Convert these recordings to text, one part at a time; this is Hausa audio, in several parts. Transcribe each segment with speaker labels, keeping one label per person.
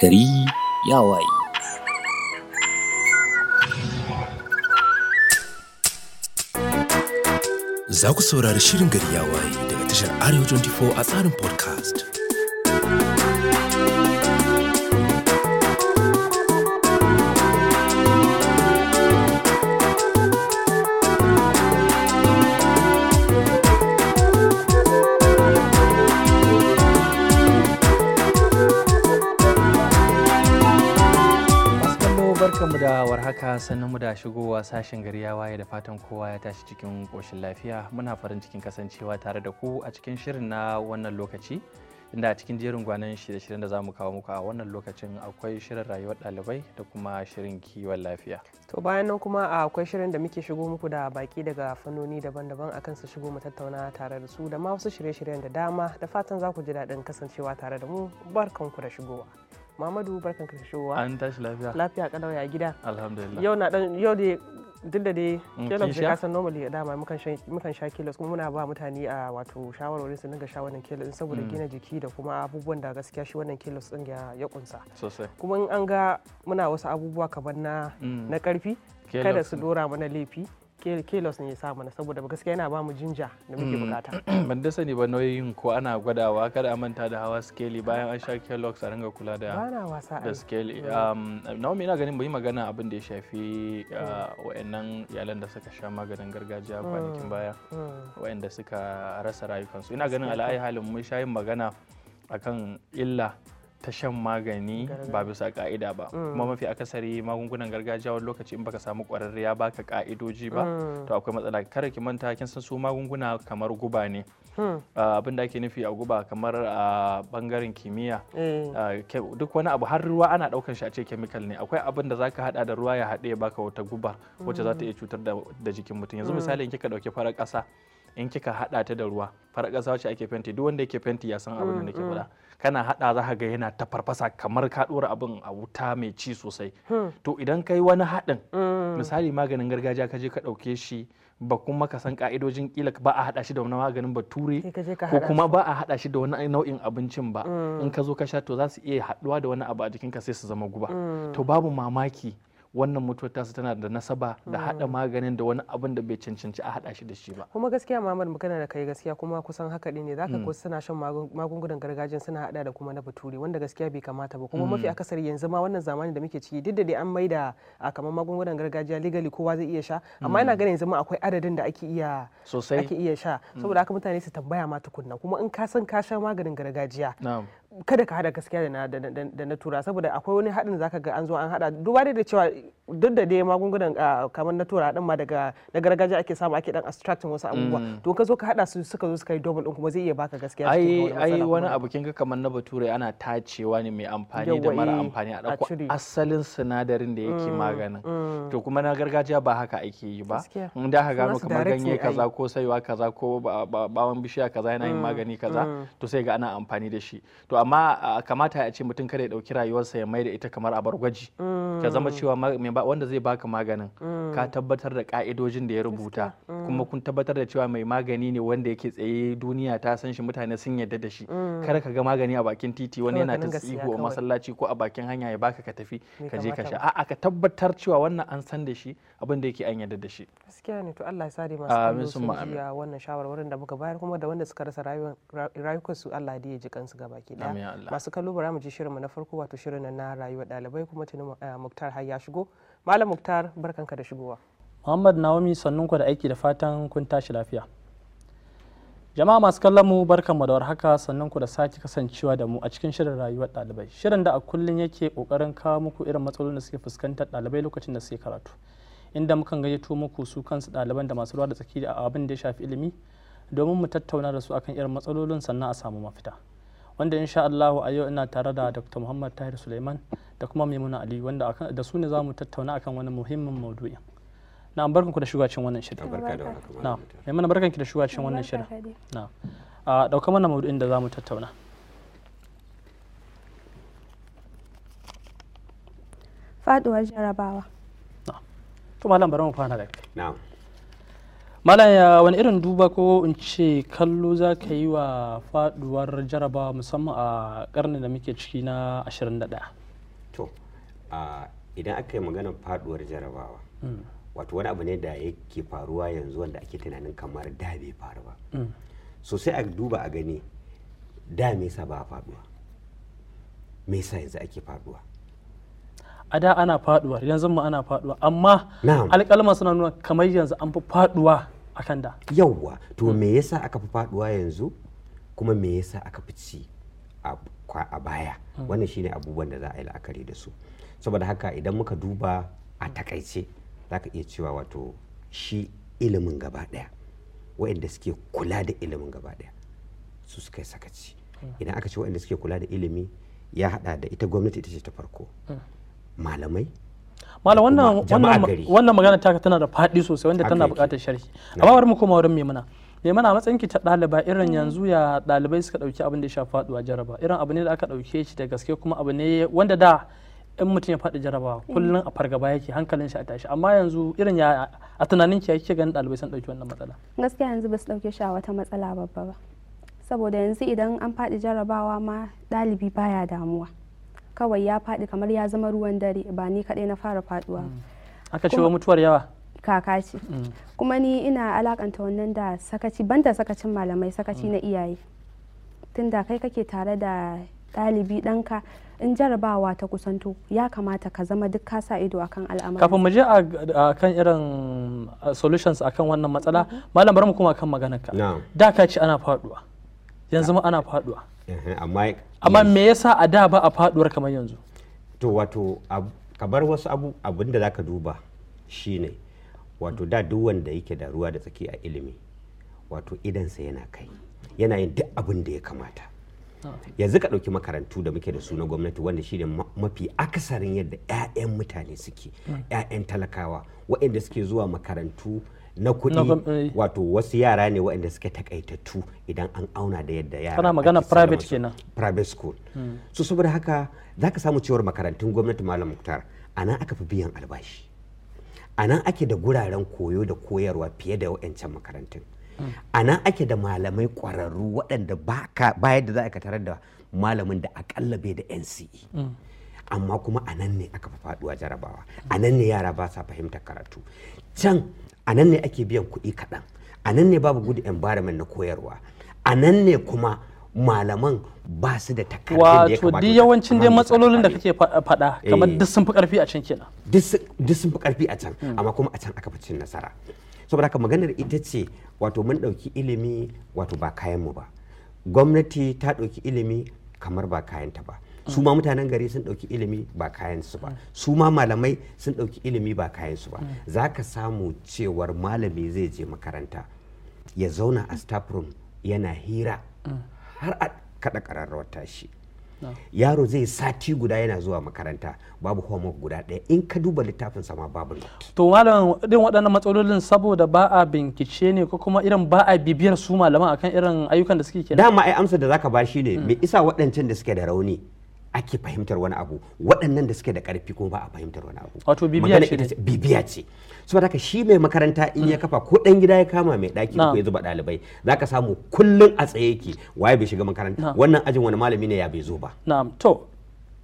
Speaker 1: gari ya waye.
Speaker 2: Za ku saurari shirin gari ya waye daga tashar Arewa 24 a tsarin podcast.
Speaker 3: mu da warhaka sannan mu da shigowa sashen gari ya waye da fatan kowa ya tashi cikin koshin lafiya muna farin cikin kasancewa tare da ku a cikin shirin na wannan lokaci inda a cikin jerin gwanan shirye-shiryen da zamu mu kawo muku a wannan lokacin akwai shirin rayuwar ɗalibai da kuma shirin kiwon lafiya. To bayan nan
Speaker 2: kuma akwai shirin da muke shigo muku da baki daga fannoni daban-daban akan su shigo mu tattauna tare da su da ma wasu shirye-shiryen da dama da fatan za ku ji daɗin kasancewa tare da mu barkanku da shigowa. Muhammadu barkan ka shigowa. An tashi lafiya. Lafiya kalau ya gida. Alhamdulillah. Yau na dan yau dai duk da dai mm, kelos da kasan normally da dama mukan sha kilos kuma muna ba mutane a wato shawarwarin su dinga sha wannan kelos saboda mm. gina jiki da kuma abubuwan da gaskiya shi wannan kelos din ya kunsa kuma in an ga muna wasu abubuwa kaban na mm. na
Speaker 3: karfi kada su
Speaker 2: dora mana laifi los ne ya sa mana saboda gaskiya yana ba mu jinja da muke mm. bukata
Speaker 3: ban da sani ba nauyin ko ana gwadawa kada a manta da hawa skeli bayan an sha kellogs a ringa kula da da skeli mm. um, naomi ina ganin bai magana abin da ya shafi uh, mm. wa'annan iyalan da suka sha maganin gargajiya kwanakin baya da suka rasa rayukansu ina ganin ala'ai halin mun sha yin magana akan illa ta shan magani ba bisa ka'ida ba mm. kuma mafi akasari magungunan gargajiya wani lokaci in baka samu kwararre ya baka ka'idoji ba mm. to akwai matsala kada ki manta kin san su magunguna kamar guba ne mm. abin da ake nufi a guba kamar a bangaren kimiyya eh. duk wani abu har ruwa ana daukan shi a ce chemical ne akwai abin da zaka hada da ruwa ya haɗe baka wata guba wacce za ta iya cutar da jikin mutum yanzu misali in kika dauki farar kasa in kika hada ta da ruwa farar kasa wacce ake fenti duk wanda yake fenti ya san abin da nake faɗa kana hada za ga yana ta farfasa kamar ka dora abin a wuta mai ci sosai hmm. to idan kai wani haɗin hmm. misali maganin gargajiya ka je ka ɗauke shi ba kuma ka san ka'idojin kila ba a hada shi da wani maganin bature ko kuma ba a hada shi da wani nau'in abincin ba hmm. in ka zo ka sha to za su iya haduwa da wani abu a jikinka sai su zama guba to babu mamaki wannan mutuwar tasu tana da nasaba da hada hmm. maganin da wani abin da bai cancanci a hada shi da shi ba
Speaker 2: kuma gaskiya mamar magana da kai gaskiya kuma kusan haka ne zaka ko hmm. suna shan magungunan gargajiya suna hada da kuma na bature wanda gaskiya bai kamata ba kuma hmm. mafi akasari yanzu ma wannan zamanin da muke ciki duk da dai an maida kamar magungunan gargajiya legally kowa zai iya sha amma ina ganin yanzu ma akwai adadin da ake iya ake iya sha saboda haka mutane su tambaya ma tukunna kuma in ka san ka sha maganin gargajiya kada ka hada gaskiya da na tura saboda akwai wani haɗin zaka ga an zo an hada duba da cewa duk da dai magungunan ah, kamar na tura din ma daga na gargajiya ake samu ake dan abstracting wasu abubuwa mm. to ka zo ka hada su suka zo suka yi double din kuma zai iya baka gaskiya ai ai wani abu
Speaker 3: kin ga kamar na bature ana tacewa ne mai amfani da mara eh, amfani a dauko asalin sinadarin da yake mm, maganin mm. to kuma na gargajiya ba haka ake yi ba in da ka gano kamar ganye kaza ko saiwa kaza ko bawon bishiya kaza yana yin magani kaza to sai ga ana amfani da shi to amma kamata a ce mutum kada ya dauki rayuwarsa ya mai da ita kamar abar gwaji
Speaker 4: mm. ka zama cewa
Speaker 3: wanda zai baka maganin mm. ka tabbatar da ka'idojin da ya rubuta mm. kuma kun tabbatar da cewa mai magani ne wanda yake tsaye duniya ta san shi mutane sun yadda da shi kada ka ga magani a bakin titi wani yana ta tsigo a masallaci ko a bakin hanya ya baka ka tafi ka je ka sha a'a ka tabbatar cewa wannan an san da shi abin da yake an yadda da shi
Speaker 2: gaskiya ne to Allah ya sare masu kallo sun ji wannan shawarwarin da muka bayar kuma da wanda suka rasa rayukansu Allah ya ji kansu gabaki daya masu kallo bara mu ji shirinmu na farko wato shirin na rayuwar dalibai kuma tuni eh, muktar har ya shigo malam muktar barkanka da shigowa
Speaker 4: muhammad nawami ku da aiki da fatan kun tashi lafiya jama'a masu kallon mu barkanmu da warhaka sannan ku da sake kasancewa da mu a cikin shirin rayuwar dalibai shirin da a kullum yake kokarin kawo muku irin matsalolin da suke fuskantar dalibai lokacin da suke karatu inda mukan gayyato muku su kansu ɗaliban da masu ruwa da tsaki da abin da ya shafi ilimi domin mu tattauna da su akan irin matsalolin sannan a samu mafita wanda insha Allah a yau ina tare da Dr. Muhammad Tahir Suleiman da kuma Maimuna Ali wanda da su ne zamu tattauna akan wani muhimmin maudu'i. Na barkan ku da shugacin wannan shirin. Na Maimuna barkan ki da shugacin wannan shirin. Na a dauka mana maudu'in da zamu tattauna.
Speaker 5: Faduwar jarabawa.
Speaker 4: To malam bari mu fara da kai. Na'am. malaya wani irin duba ko in ce kallo za ka yi wa faduwar jaraba musamman a karni da muke ciki na 21 to
Speaker 6: idan aka yi magana faduwar jarabawa mm. wato wani abu ne da yake faruwa yanzu wanda ake tunanin kamar da bai faru ba mm. so sai a duba a gani da me yasa ba faduwa me yasa yanzu ake faduwa
Speaker 4: a da ana faduwa yanzu ma ana faduwa amma alƙalman suna nuna kamar yanzu an fi faduwa akan da
Speaker 6: yawwa to hmm. me yasa aka fi faduwa yanzu kuma me yasa aka fi ci a baya hmm. wannan shine abubuwan da za a yi la'akari da su saboda haka idan muka duba a hmm. takaice za ka iya cewa wato shi ilimin gaba daya waɗanda suke kula da ilimin gaba daya su suka sakaci idan aka ce waɗanda suke kula da ilimi ya hada da ita gwamnati ita ce ta farko malamai
Speaker 4: mala wannan wannan magana taka tana da fadi sosai wanda tana buƙatar sharhi amma bari mu koma wurin maimuna maimuna matsayin ki ta ɗaliba irin yanzu ya ɗalibai suka ɗauki abin da ya shafi faɗuwa jaraba irin abu ne da aka ɗauke shi da gaske kuma abu ne wanda da in mutum ya faɗi jarabawa kullum a fargaba yake hankalin shi a tashi amma yanzu irin ya a tunanin ki kike ganin ɗalibai sun ɗauki wannan matsala
Speaker 5: gaskiya yanzu ba su ɗauke shi a wata matsala babba ba saboda yanzu idan an faɗi jarabawa ma dalibi baya damuwa kawai ya faɗi kamar ya zama ruwan dare ba ni kaɗai na fara faɗuwa mm.
Speaker 4: aka ciwo mutuwar yawa kaka mm.
Speaker 5: kuma ni ina alakanta wannan da sakaci banda sakacin malamai sakaci mm. na iyaye tunda kai kake tare da ɗalibi ɗanka in jarabawa ta kusanto ya kamata ka zama duk ka ido akan al'amari kafin mu
Speaker 4: je a kan irin solutions akan wannan matsala mm-hmm. malam bar mu kuma kan maganar ka da ka ce ana faɗuwa. yanzu ma ana faduwa amma me yasa a da ba a faduwar kamar
Speaker 6: yanzu to wato ka bar wasu abu abin da zaka duba shine wato da duk wanda yake da ruwa da tsaki a ilimi wato idansa yana kai yana yin duk abin da ya kamata ah. yanzu ka ɗauki makarantu da muke da su na gwamnati wanda shi ne mafi akasarin yadda 'ya'yan mutane suke 'ya'yan hmm. talakawa waɗanda suke zuwa makarantu na kuɗi eh. wato wasu yara ne waɗanda suka takaitattu idan an auna da yadda yara kana magana private kenan private school hmm. so saboda haka za ka samu cewar makarantun gwamnati malam muktar nan aka fi biyan albashi a nan ake da guraren koyo da koyarwa fiye da wa'ancan makarantun hmm. a nan ake da malamai ƙwararru waɗanda ba yadda za ka tarar da malamin da akalla bai da NCE hmm. amma kuma a nan ne aka fi faduwa jarabawa a nan ne yara ba sa fahimtar karatu can a nan ne ake biyan kuɗi kaɗan a nan ne babu good environment na koyarwa a nan ne kuma malaman ba su da takardun da ya kamata wato yawancin dai matsalolin
Speaker 4: da kake faɗa kamar eh. duk
Speaker 6: sun fi karfi a can kenan duk sun fi karfi a can hmm. amma kuma a can aka fi cin nasara saboda haka maganar ita ce wato mun ɗauki ilimi wato ba kayan mu ba gwamnati ta ɗauki ilimi kamar ba kayanta ba su ma mutanen gari sun ɗauki ilimi ba kayan su ba su ma malamai sun ɗauki ilimi ba kayan su ba mm. za ka samu cewar malami zai je makaranta ya zauna a staff room yana hira mm. har a kaɗa ƙararrawar tashi yaro zai sati guda yana zuwa makaranta babu homework guda ɗaya in ka duba littafin sama babu to malam
Speaker 4: din waɗannan matsalolin saboda ba a bincike ne ko kuma irin ba a bibiyar su malaman akan irin
Speaker 6: ayyukan da suke da dama ai amsa da zaka ba shi ne mm. me isa waɗancan da suke da rauni ake fahimtar wani abu waɗannan da suke da ƙarfi kuma ba a fahimtar wani abu wato bibiya ce bibiya ce saboda haka shi mai makaranta in ya mm. kafa ko ɗan gida ya kama mai ɗaki ko ya zuba ɗalibai zaka samu kullum a tsaye yake waye bai shiga makaranta wannan ajin wani malami ne ya bai zo ba na'am to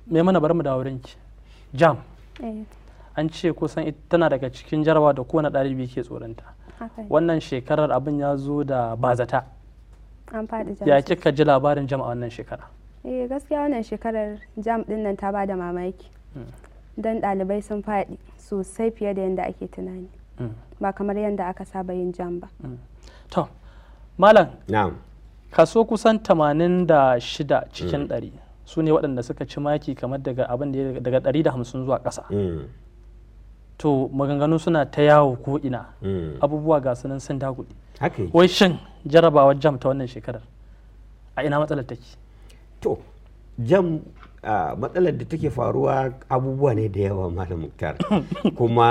Speaker 6: me
Speaker 4: mana bari mu wurin ki? jam eh. an ce kusan tana daga cikin jarawa da kowane ɗalibi ke tsoronta wannan shekarar abin ya zo da bazata ya kika ji labarin jam a wannan shekara
Speaker 5: eh gaskiya wannan shekarar jam din nan ta ba da mamaki hmm. don ɗalibai sun faɗi sosai fiye da yadda ake tunani hmm. ba kamar yadda aka saba yin jam ba
Speaker 4: hmm. to malam kaso kusan 86 cikin 100 su waɗanda suka ci maki kamar daga abin da daga 150 zuwa ƙasa to maganganu suna ta yawo ko ina abubuwa ga sunan sun daguɗi wai shin jarabawar jam ta wannan shekarar a ina matsalar take
Speaker 6: to jam uh, matsalar da take faruwa abubuwa ne da yawa malam muktar kuma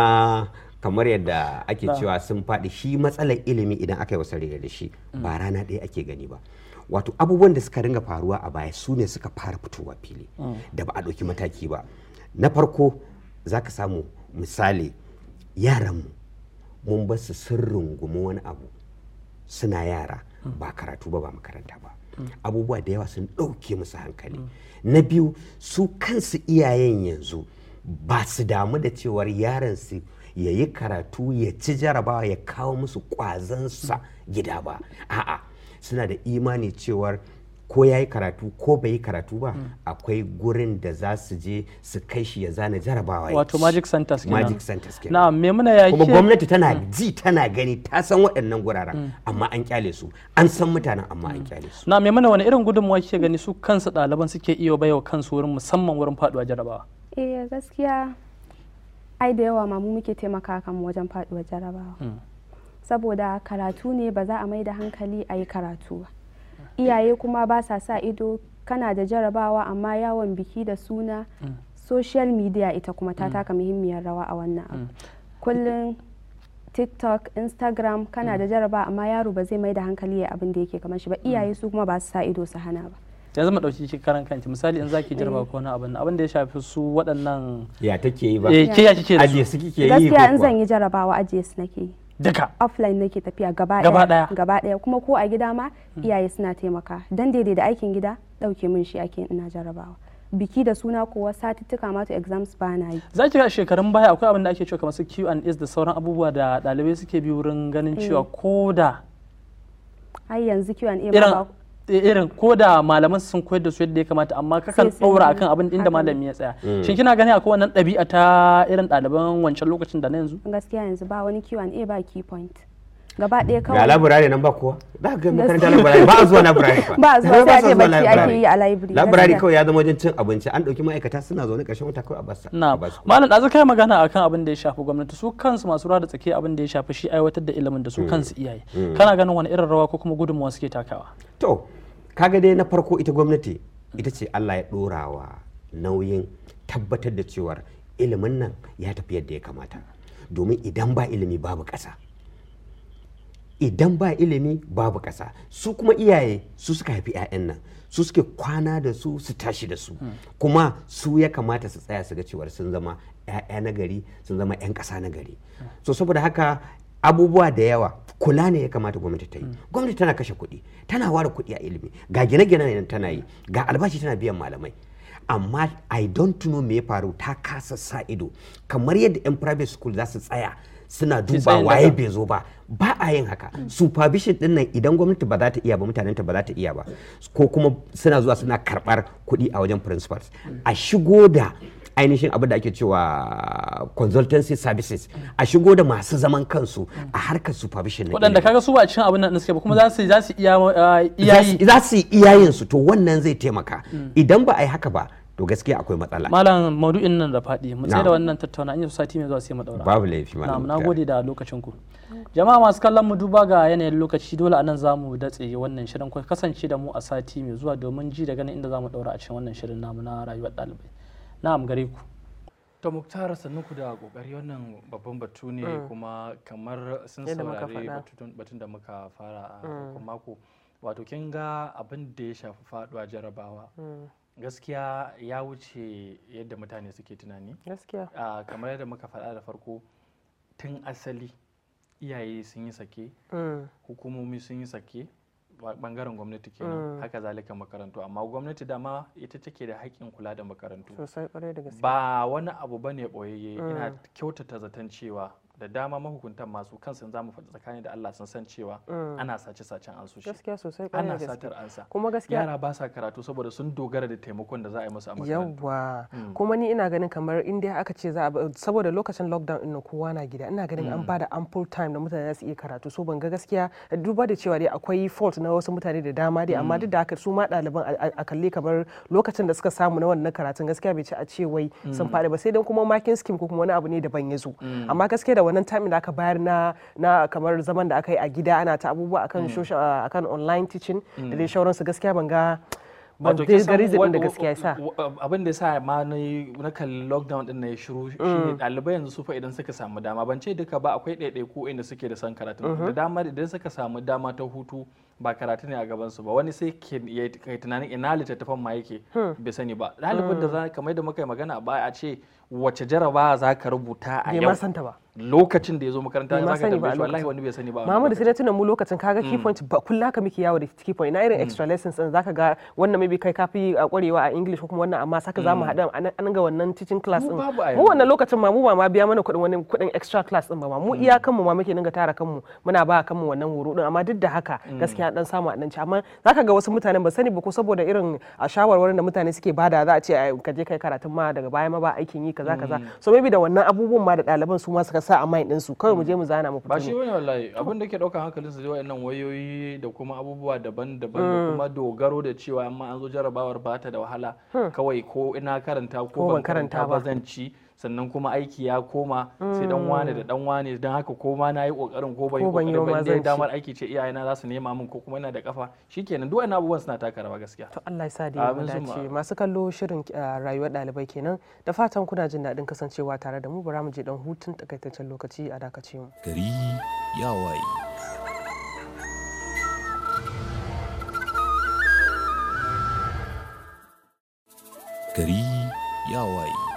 Speaker 6: kamar yadda ake cewa sun faɗi shi matsalar ilimi idan aka yi wasa da shi ba mm. rana ɗaya ake gani ba wato abubuwan da suka ringa faruwa a baya su ne suka fara fitowa fili mm. da ba a ɗauki mataki ba na farko za ka samu misali yaranmu mun ba su sun rungumi wani abu suna yara mm. ba karatu ba ba makaranta ba abubuwa da yawa sun ɗauke musu hankali na biyu su kansu iyayen yanzu ba su damu da cewar yaron su ya yi karatu ya ci jarabawa ya kawo musu kwazansa gida ba a'a suna da imani cewar ko ya yi karatu ko bai yi karatu ba akwai gurin da za su je su kai shi ya zana jarabawa ya wato magic centers kenan magic centers kenan na me muna ya kuma gwamnati tana ji tana gani ta san waɗannan guraren amma an kyale su an san mutanen amma an kyale su
Speaker 4: na me muna wani irin gudunmuwa kike gani su kansu ɗaliban suke iyo baiwa kansu wurin musamman wurin faduwa jarabawa
Speaker 5: eh gaskiya ai da yawa mamu muke taimaka kan wajen faduwar jarabawa hmm. saboda karatu ne ba za a mai da hankali a yi karatu ba iyaye kuma ba sa sa ido kana da jarabawa amma yawon biki da suna mm. social media ita kuma ta mm. taka muhimmiyar rawa a wannan mm. kullum tiktok instagram kana da jaraba amma yaro ba zai mai da hankali ya abin da yake kamar shi ba iyaye su kuma ba su sa ido su hana ba
Speaker 4: ya zama dauki shi karan kanki misali in zaki jaraba eh. ko wani abin abin da ya shafi su waɗannan ya take yi ba eh, ke ya kike da su gaskiya in zan
Speaker 5: yi jarabawa ajiye su nake yi duka offline nake tafiya gaba daya gaba daya kuma ko a gida ma hmm. iyaye suna taimaka dan daidai da aikin gida dauke min shi ake ina jarabawa biki da suna kowa satuttuka ma to exams ba na yi
Speaker 4: Zaki ga shekarun baya akwai abin da ake cewa kamar su Q&S da sauran abubuwa da dalibai suke bi wurin ganin cewa hmm. ko
Speaker 5: ai yanzu Q&A ba
Speaker 4: irin ko da malaman sun koyar da su yadda ya kamata amma kakan ɗaura akan abin inda malami ya tsaya mm. shin kina gani akwai wannan ɗabi'a ta irin ɗaliban wancan lokacin da na yanzu
Speaker 5: gaskiya yanzu ba wani a ba key point gaba ɗaya kawai ga laburare
Speaker 6: nan ba kowa za ga makaranta laburare ba a zuwa laburare ba
Speaker 4: a zuwa sai ce bacci ake yi a library laburare kawai
Speaker 6: ya zama wajen cin abinci an ɗauki ma'aikata suna zaune ƙarshen wata kawai a basa na
Speaker 4: malam ɗazu kai magana akan abin da ya shafi gwamnati su kansu masu ruwa da tsaki abin da ya shafi shi aiwatar da ilimin da su mm. kansu iyaye mm. kana ganin wani irin rawa ko kuma gudunmawa suke takawa
Speaker 6: to kaga dai na farko ita gwamnati ita ce Allah ya ɗorawa nauyin tabbatar da cewar ilimin nan ya tafi yadda ya kamata domin idan ba ilimi babu ƙasa idan ba ilimi babu ƙasa su kuma iyaye su suka haifi 'ya'yan nan su suke kwana da su su tashi da su kuma su ya kamata su tsaya su ga cewar sun zama 'ya'ya na gari sun zama 'yan ƙasa na gari so saboda haka abubuwa da yawa kula ne ya kamata gwamnati ta yi gwamnati tana kashe kuɗi tana ware kuɗi a ilimi ga gine-gine ne tana yi ga albashi tana biyan malamai amma i don't know me ya faru ta kasa sa ido kamar yadda 'yan private school za su tsaya suna duba waye bai zo ba ba a yin haka supervision din nan idan gwamnati ba za ta iya ba mutanen ta ba za ta iya ba ko kuma suna zuwa suna karbar kuɗi a wajen principals a shigo da ainihin abin da ake cewa consultancy services a shigo da masu zaman kansu a harkar supervision ne waɗanda
Speaker 4: kaga su ba cikin abin nan suke ba kuma za su za su iya uh, iyayi
Speaker 6: za su iyayen su to wannan zai taimaka hmm. idan ba a yi haka ba to gaskiya akwai matsala
Speaker 4: malam maudu'in nan da faɗi mu tsaye da wannan tattauna in sati mai zuwa sai mu daura babu laifi malam na gode da lokacin ku jama'a masu kallon mu duba ga yanayin lokaci dole anan zamu datse wannan shirin ku kasance da mu a sati mai zuwa domin ji da ganin inda zamu daura a cikin wannan shirin namu na rayuwar ɗalibai na'am gare ku
Speaker 3: to muktara sannu ku da kokari wannan babban batu ne mm. kuma kamar sun saurari batun da muka fara a mm. mako wato kin ga abin da ya shafi faduwa jarabawa mm. gaskiya ya wuce yadda mutane suke tunani gaskiya kamar yadda muka faɗa da farko tun asali iyaye sun yi sake mm. hukumomi sun yi sake bangaren gwamnati kenan mm. haka zalika makarantu amma gwamnati dama ita take da haƙƙin kula da makarantu ba wani abu ba ne ɓoyayye ina mm. kyautata zaton cewa da dama mahukuntan masu kansu za mu faɗi tsakani da Allah sun san cewa mm. ana sace sacen an sushi
Speaker 2: gaskiya sosai ana satar
Speaker 3: ansa kuma gaskiya yara ba sa karatu saboda sun dogara da taimakon da za a yi musu a makarantu
Speaker 2: yawa mm. kuma ni ina ganin kamar in dai aka ce za saboda lokacin lockdown din kowa na gida ina ganin an mm. bada ample time da mutane za su iya karatu so ban ga gaskiya duba da cewa dai akwai fault na wasu mutane da dama dai amma duk da haka su ma ɗaliban a kalle kamar lokacin da suka samu na wannan karatun gaskiya bai ci a ce wai sun faɗi ba sai dan kuma makin scheme ko kuma wani abu ne daban ya zo amma gaskiya da wannan time da aka bayar na na kamar zaman da aka yi a gida ana ta abubuwa akan mm. social ah, akan online teaching da dai mm. shauransu gaskiya ban ga ban da gaskiya
Speaker 3: sa abin da sa ma na kalli lockdown din na ya shiru ne mm. ɗalibai yanzu su fa idan suka samu dama ban ce duka ba akwai ɗaiɗai ko inda suke da son karatu mm-hmm. da dama idan suka samu dama ta hutu ba karatu ne a gabansu ba wani sai ke tunanin ina littattafan ma yake hmm. bai sani ba ɗalibin da za kamar da muka yi magana ba a ce wace jaraba za ka rubuta a yau bai santa ba lokacin da ya zo makaranta ya zaka tambaye shi wallahi wani bai sani ba Muhammadu sai
Speaker 2: tunan mu lokacin kaga key mm. point ba kulla ka miki yawo da key point na irin mm. extra lessons din zaka ga wannan maybe kai kafi kwarewa uh, a English ko kuma wannan amma saka zamu mm. hada an ga wannan teaching class din mu wannan lokacin ma mu ba ma biya mana kuɗin wani kuɗin extra class din ba ma mu iya kanmu ma muke dinga tara kanmu muna ba kanmu wannan horo din amma duk da haka gaskiya dan samu a danci ci amma zaka ga wasu mutanen ba sani ba ko saboda irin a uh, shawarwarin da mutane suke bada za a ce ka je kai karatun ma daga baya ma ba aikin yi kaza kaza mm. so maybe da wannan abubuwan ma da ɗaliban su ma suka sa a mind ɗinsu kawai mu je mu zana muku
Speaker 4: ba shi bane
Speaker 3: wallahi abin da ke daukan hankalin su je wayannan wayoyi da kuma abubuwa daban-daban da mm. kuma dogaro da cewa amma an zo jarabawar ba ta da wahala hmm. kawai ko ina karanta ko ban karanta ba zan ci sannan kuma aiki ya koma sai dan mm. wane da dan wane don haka ko ma na yi kokarin ko ban yi kokarin ban dai damar aiki ce iyayena za su nema min ko kuma ina da kafa shikenan duk wannan abubuwan suna taka rawa gaskiya to Allah ya sa da mu dace
Speaker 2: masu kallo shirin eh, rayuwar dalibai kenan da fatan kuna jin daɗin kasancewa tare da mu bara mu je dan hutun takaitaccen lokaci a dakace mu
Speaker 1: gari ya waye gari ya
Speaker 3: waye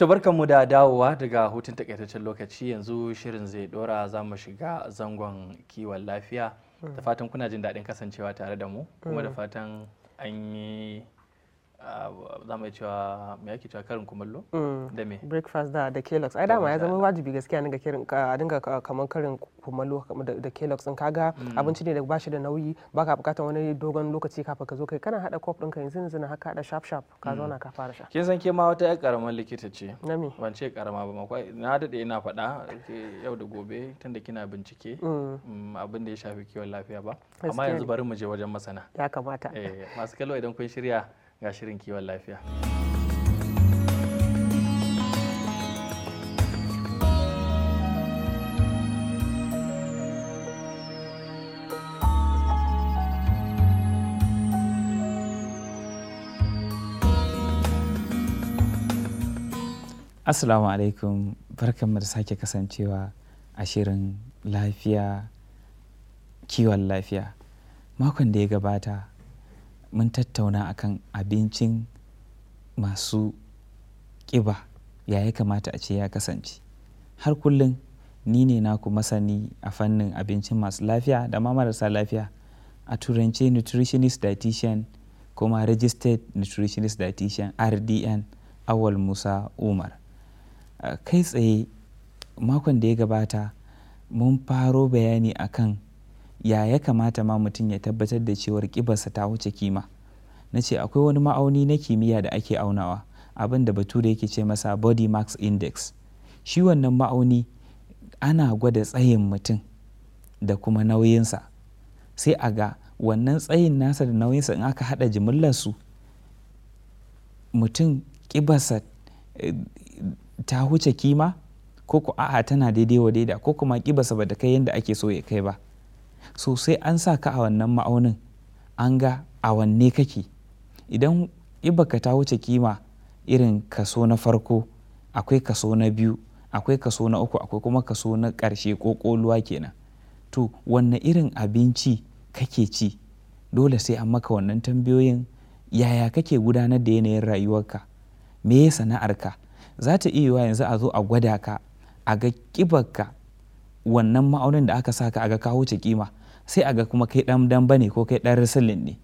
Speaker 3: mu da dawowa daga hutun takaitaccen lokaci yanzu shirin zai dora za mu shiga zangon kiwon lafiya da hmm. fatan kuna jin daɗin kasancewa tare da mu kuma da hmm. fatan an yi za mu cewa me yake cewa karin kumallo mm. da me
Speaker 2: breakfast da da kelox ai dama ya zama wajibi gaskiya ne ga kirin a dinga kamar karin kumallo da kelox din kaga mm. abinci ne da ba shi da nauyi baka bukatar wani dogon lokaci kafin ka zo kai kana hada kofin ka yanzu yanzu haka hada sharp sharp ka mm. zo na ka fara sha kin
Speaker 3: san ke ma wata yar karaman likita ce na me ban ce karama ba ma na dade ina fada yau da gobe tunda kina bincike abin da ya shafi kiwon lafiya ba amma yanzu bari mu je wajen masana ya kamata eh, masu kallo idan kun shirya ga shirin kiwon lafiya.
Speaker 7: Assalamu alaikum barkanmu da sake kasancewa a shirin lafiya kiwon lafiya. Makon da ya gabata mun tattauna akan abincin masu ƙiba ya ya kamata a ce ya kasance har kullum ni ne na naku masani a fannin abincin masu lafiya da ma marasa lafiya a turance nutritionist dietitian kuma registered nutritionist dietitian rdn awal musa umar kai tsaye makon da ya gabata mun faro bayani akan ya ya kamata ma mutum ya tabbatar da cewar ƙibarsa ta wuce kima na ce akwai wani ma'auni na kimiyya da ake aunawa abinda da bature yake ce masa body mass index shi wannan ma'auni ana gwada tsayin mutum da kuma nauyinsa sai a ga wannan tsayin nasa da nauyinsa in aka haɗa jimillarsu mutum ƙibarsa eh, ta wuce kima ko ku a'a tana daidai wa daida ko kuma ƙibarsa ba ta kai yadda ake so ya kai ba so sai an sa ka a wannan ma'aunin an ga a wanne kake idan ibaka ta wuce kima irin kaso na farko akwai kaso na biyu akwai kaso na uku akwai kuma kaso na ƙarshe ƙoƙoluwa kenan to wanne irin abinci kake ci dole sai an maka wannan tambayoyin yaya kake gudanar da yanayin rayuwarka me ya sana'arka za ta iya yanzu a zo a gwada ka a ga ƙibarka wannan ma'aunin da aka saka aga ka wuce kima sai aga kuma kai dan dan ne ko kai dan risalin ne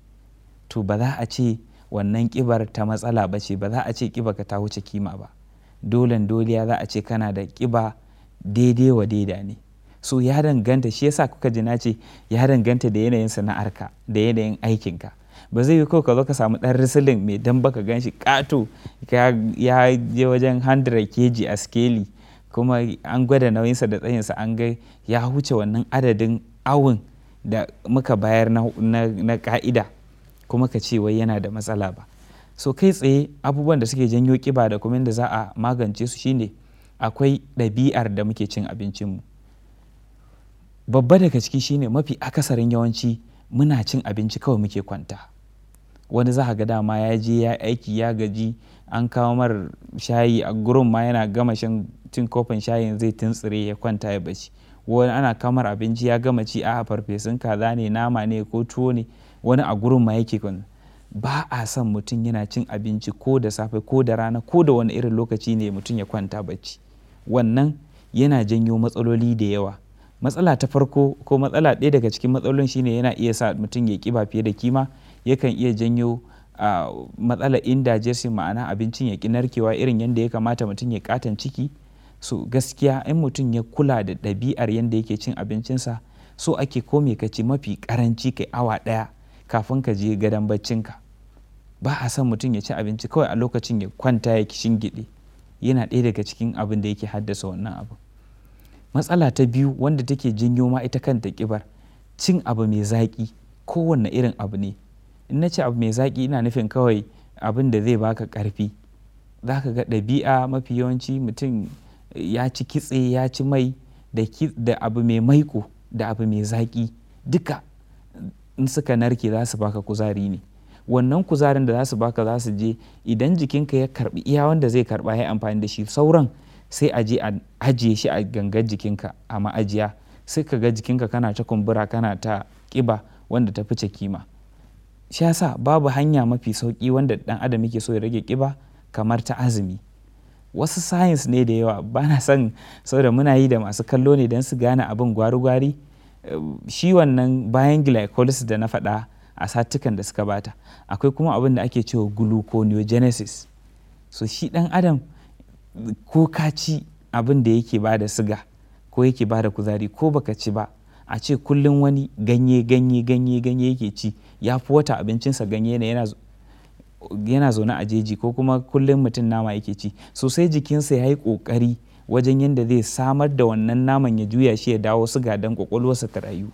Speaker 7: to ba za a ce wannan kibar ta matsala ba ce ba za a ce kiba ka ta wuce kima ba dolen doliya za a ce kana da kiba daidai wa daida ne so ya danganta shi yasa kuka ji na ce ya danganta da yanayin sana'arka da yanayin aikinka ba zai yi kawai ka zo ka samu dan risilin mai dan baka gan shi kato ya je wajen 100 kg a sikeli. kuma an gwada nauyinsa da tsayinsa an ga ya huce wannan adadin awun da muka bayar na, na, na ka'ida kuma ka ce wai yana da matsala ba so kai tsaye abubuwan da suke janyo kiba da kuma da za a magance su shine akwai ɗabi'ar da muke cin abincinmu babba daga ciki shine mafi akasarin yawanci muna cin abinci kawai muke kwanta wani za ga dama ya je ya aiki ya gaji an kawo mar shayi a gurin ma yana gama shan cin kofin shayin zai tuntsire ya kwanta ya baci wani ana kamar abinci ya gama ci a farfesun kaza ne nama ne ko tuwo ne wani a gurin ma yake kwan ba a son mutum yana cin abinci ko da safe ko da rana ko da wani irin lokaci ne mutum ya kwanta bacci wannan yana janyo matsaloli da yawa matsala ta farko ko matsala ɗaya daga cikin matsalolin shine yana iya sa mutum ya ƙiba fiye da kima yakan iya janyo inda indigestion ma'ana abincin ya ki narkewa irin yadda ya kamata mutum ya katan ciki so gaskiya in mutum ya kula da ɗabi'ar yadda yake cin abincinsa so ake kome ka ci mafi karanci kai awa ɗaya kafin ka je gadon baccinka ba a san mutum ya ci abinci kawai a lokacin ya kwanta ya shingiɗe yana ɗaya daga cikin abin da yake haddasa wannan abu matsala ta biyu wanda take janyo ma ita kanta kibar cin abu mai zaƙi kowanne irin abu ne in na ci abu mai zaƙi ina nufin kawai abin da zai baka ƙarfi za ka ga ɗabi'a mafi yawanci mutum ya ci kitse ya ci mai da abu mai maiko da abu mai zaƙi duka in suka narke za su baka kuzari ne wannan kuzarin da za su baka za su je idan jikinka ya karbi iya wanda zai karba ya amfani da shi sauran sai a je a ajiye shi a gangar jikinka a ma'ajiya sai ka ga jikinka kana ta kumbura kana ta ƙiba wanda ta fice kima shi yasa babu hanya mafi sauki wanda dan adam yake so ya rage kiba kamar ta azumi wasu science ne da yawa ba na son saboda muna yi da masu kallo ne don su gane abin gwari-gwari shi wannan bayan glycolysis da na faɗa a satukan da suka bata akwai kuma abin da ake cewa gluconeogenesis so shi dan adam ko ka ci abin da yake ba da siga ko yake ba da kuzari ko baka ci ba a ce kullum wani ganye ganye ganye ganye yake ci ya fi wata abincinsa ganye ne yana zaune a jeji ko kuma kullum mutum nama yake ci sosai jikinsa ya yi kokari wajen yadda zai samar da wannan naman ya juya shi ya dawo suga don kwakwalwarsa ta rayu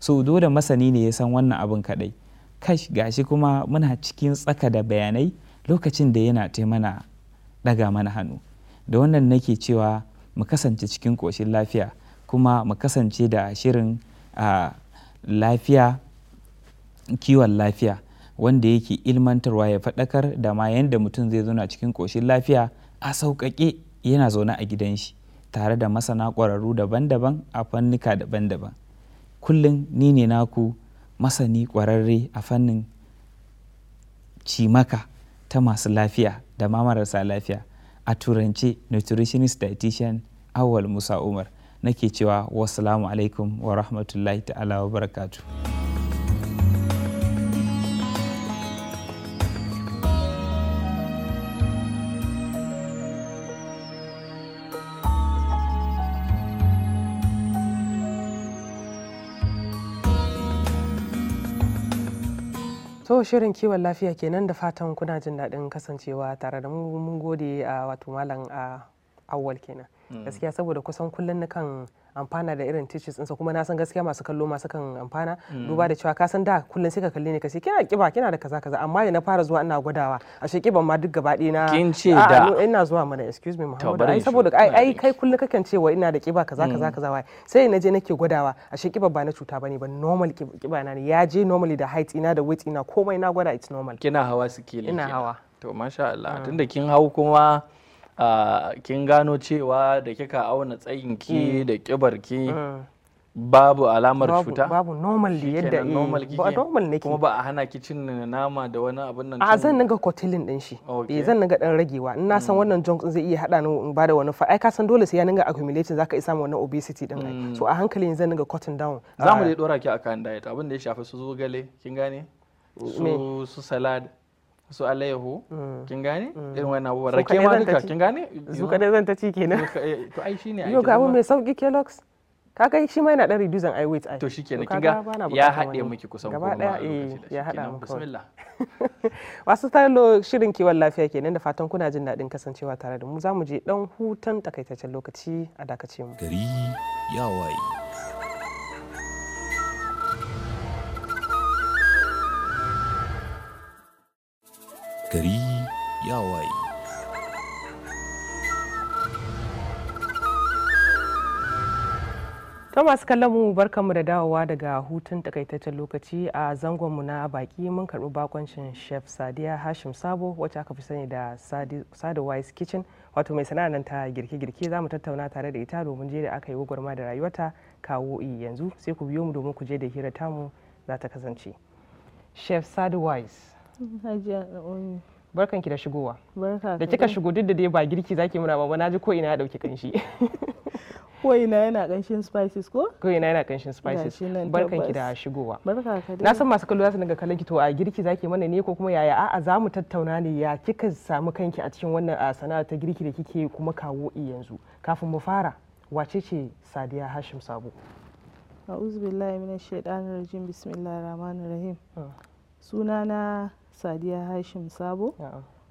Speaker 7: so dole masani ne ya san wannan abin kaɗai kash gashi kuma muna cikin tsaka da bayanai lokacin da yana ta mana ɗaga mana hannu da wannan nake cewa mu kasance cikin koshin lafiya kuma mu kasance da shirin lafiya kiwon lafiya wanda yake ilmantarwa ya faɗakar da ma yadda mutum zai zauna cikin ƙoshin lafiya a sauƙaƙe yana zaune a gidan shi tare da masana ƙwararru daban-daban a fannika daban-daban kullum ni ne naku masani ƙwararre a fannin cimaka ta masu lafiya da ma marasa lafiya a turance nutritionist dietitian awal musa umar nake cewa wasalamu alaikum wa rahmatullahi ta'ala wa barakatu.
Speaker 2: to shirin kiwon lafiya kenan da fatan kuna jin daɗin kasancewa tare da mu gode a ah, wato malam a ah, awwal kenan Mm. gaskiya saboda kusan kullum nakan amfana da irin teachers ɗinsa kuma na san gaskiya masu kallo masu kan amfana mm. duba da cewa ka san da kullum sai ka kalli ne ka ce kina kiba kina da kaza kaza amma da na fara zuwa ina gwadawa ashe kiban ma duk gaba na kin ce da ina zuwa mana excuse me Muhammadu ai saboda ai kai kullum kakan cewa ina da kiba kaza mm. kaza kaza wai sai na je nake gwadawa ashe kiban ba na cuta bane ba normal kiba na ne ya je normally da height ina da weight ina komai na gwada it's normal
Speaker 3: kina hawa sikilin ina hawa to masha Allah tunda kin hau kuma kin gano cewa da kika auna tsayinki hmm. da kibarki hmm. babu alamar cuta babu
Speaker 2: normal yadda normal hmm, kike normal ne kuma ba
Speaker 3: a hana ki cin nama da wani abin nan a zan naga
Speaker 2: cotilin din shi eh zan naga dan ragewa in na san wannan junk zai iya hada ni in bada wani fa ai ka san dole sai ya naga accumulating zaka isa mu wannan obesity din ai so a hankali zan naga cotton down zamu ah. dai
Speaker 3: dora ki akan diet abin da ya shafi su zogale kin gane su su salad su alayahu mm. kin gane mm. irin wannan abubuwan rake ma duka kin gane su kadai zan
Speaker 2: ta ci kenan
Speaker 3: eh, to ai shine ai ga abu mai
Speaker 2: sauki kelox kaga shi ma yana dan reducing ai weight ai to shikenan kin ga ya haɗe miki kusan gaba daya eh, ya haɗa miki bismillah wasu talo shirin kiwon lafiya kenan da fatan kuna jin daɗin kasancewa tare da mu zamu je dan hutan takaitaccen lokaci a dakace mu gari
Speaker 1: ya waye gari ya waye
Speaker 2: ta masu kallon mu barkanmu da dawowa daga hutun takaitaccen lokaci a zangonmu na baki mun karbi bakoncin chef sadiya hashim sabo wacce aka fi sani da sadi wise kitchen wato mai sana'ar ta girke-girke za mu tattauna tare da ita domin je da aka yi gwagwarma da rayuwata kawo yanzu sai ku biyo mu domin ku je da hira tamu za ta kasance chef sadi wise Hajiya Barkan ki da shigowa. Barka. Da kika shigo duk da dai ba girki zaki muna ba na ji ko ina ya dauki kanshi. ko ina yana kanshin spices ko? Ko ina yana kanshin spices. Barkan ki da shigowa. Barka ka dai. Na san masu kallo za su dinga kallon ki to a girki zaki mana ne ko kuma yaya a'a za mu tattauna ne ya kika samu kanki a cikin wannan sana'a ta girki da kike kuma kawo yanzu. Kafin mu fara wace ce Sadiya Hashim Sabo? A'udhu billahi minash shaitanir rajim bismillahir rahmanir rahim. Ah. Sunana sadiya hashim sabo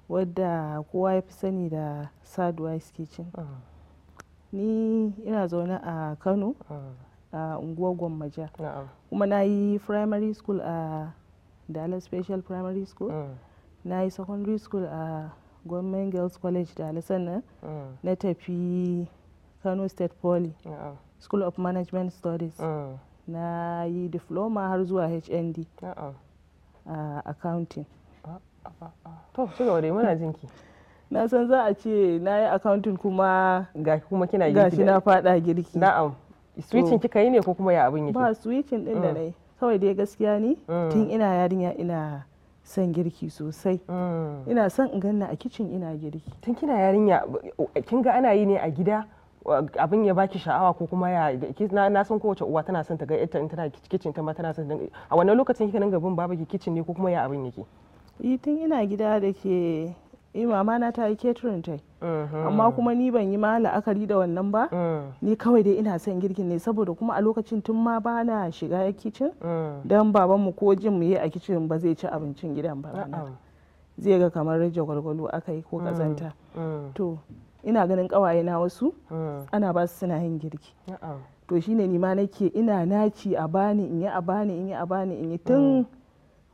Speaker 2: wadda kowa ya fi sani da sadwise kitchen mm. ni ina zaune a kano mm. a unguwar gwammaja kuma na yi primary school a dallas special primary school mm. na yi secondary school a gwamnan girls college da sannan na tafi kano state poly school of management studies na yi diploma har zuwa hnd a accounting to ci gaba dai muna jinki na san za a ce na yi accounting kuma ga kuma kina yi gashi na fada girki na'am switching kika yi ne ko kuma ya abin yake ba switching din da mm. nayi kawai dai gaskiya ne mm. tun ina yarinya ina son girki sosai mm. ina son in ganna a kicin ina girki tun kina yarinya kin ga ana yi ne a gida abin ya baki sha'awa ko kuma ya na san kowace uwa tana son ta ga yarta in tana kitchen ta ma tana son a wannan lokacin kika nan gaban babu kicin ne ko kuma ya abin yake yi eh, tun ina gida da ke eh mama na ta yi catering tai mm-hmm. amma kuma ni ban yi ma la'akari da wannan ba mm. ni kawai dai ina son girkin ne saboda kuma a lokacin tun ma ba na shiga kicin mm. don babanmu ko jin mu yi a kicin ba zai ci abincin gidan ba zai ga kamar rage gwalgwalo aka yi ko kazanta mm. to ina ganin kawaye na wasu ana ba su suna yin girki to shine ni ma nake ina naci a bani in yi a bani in yi a bani in yi tun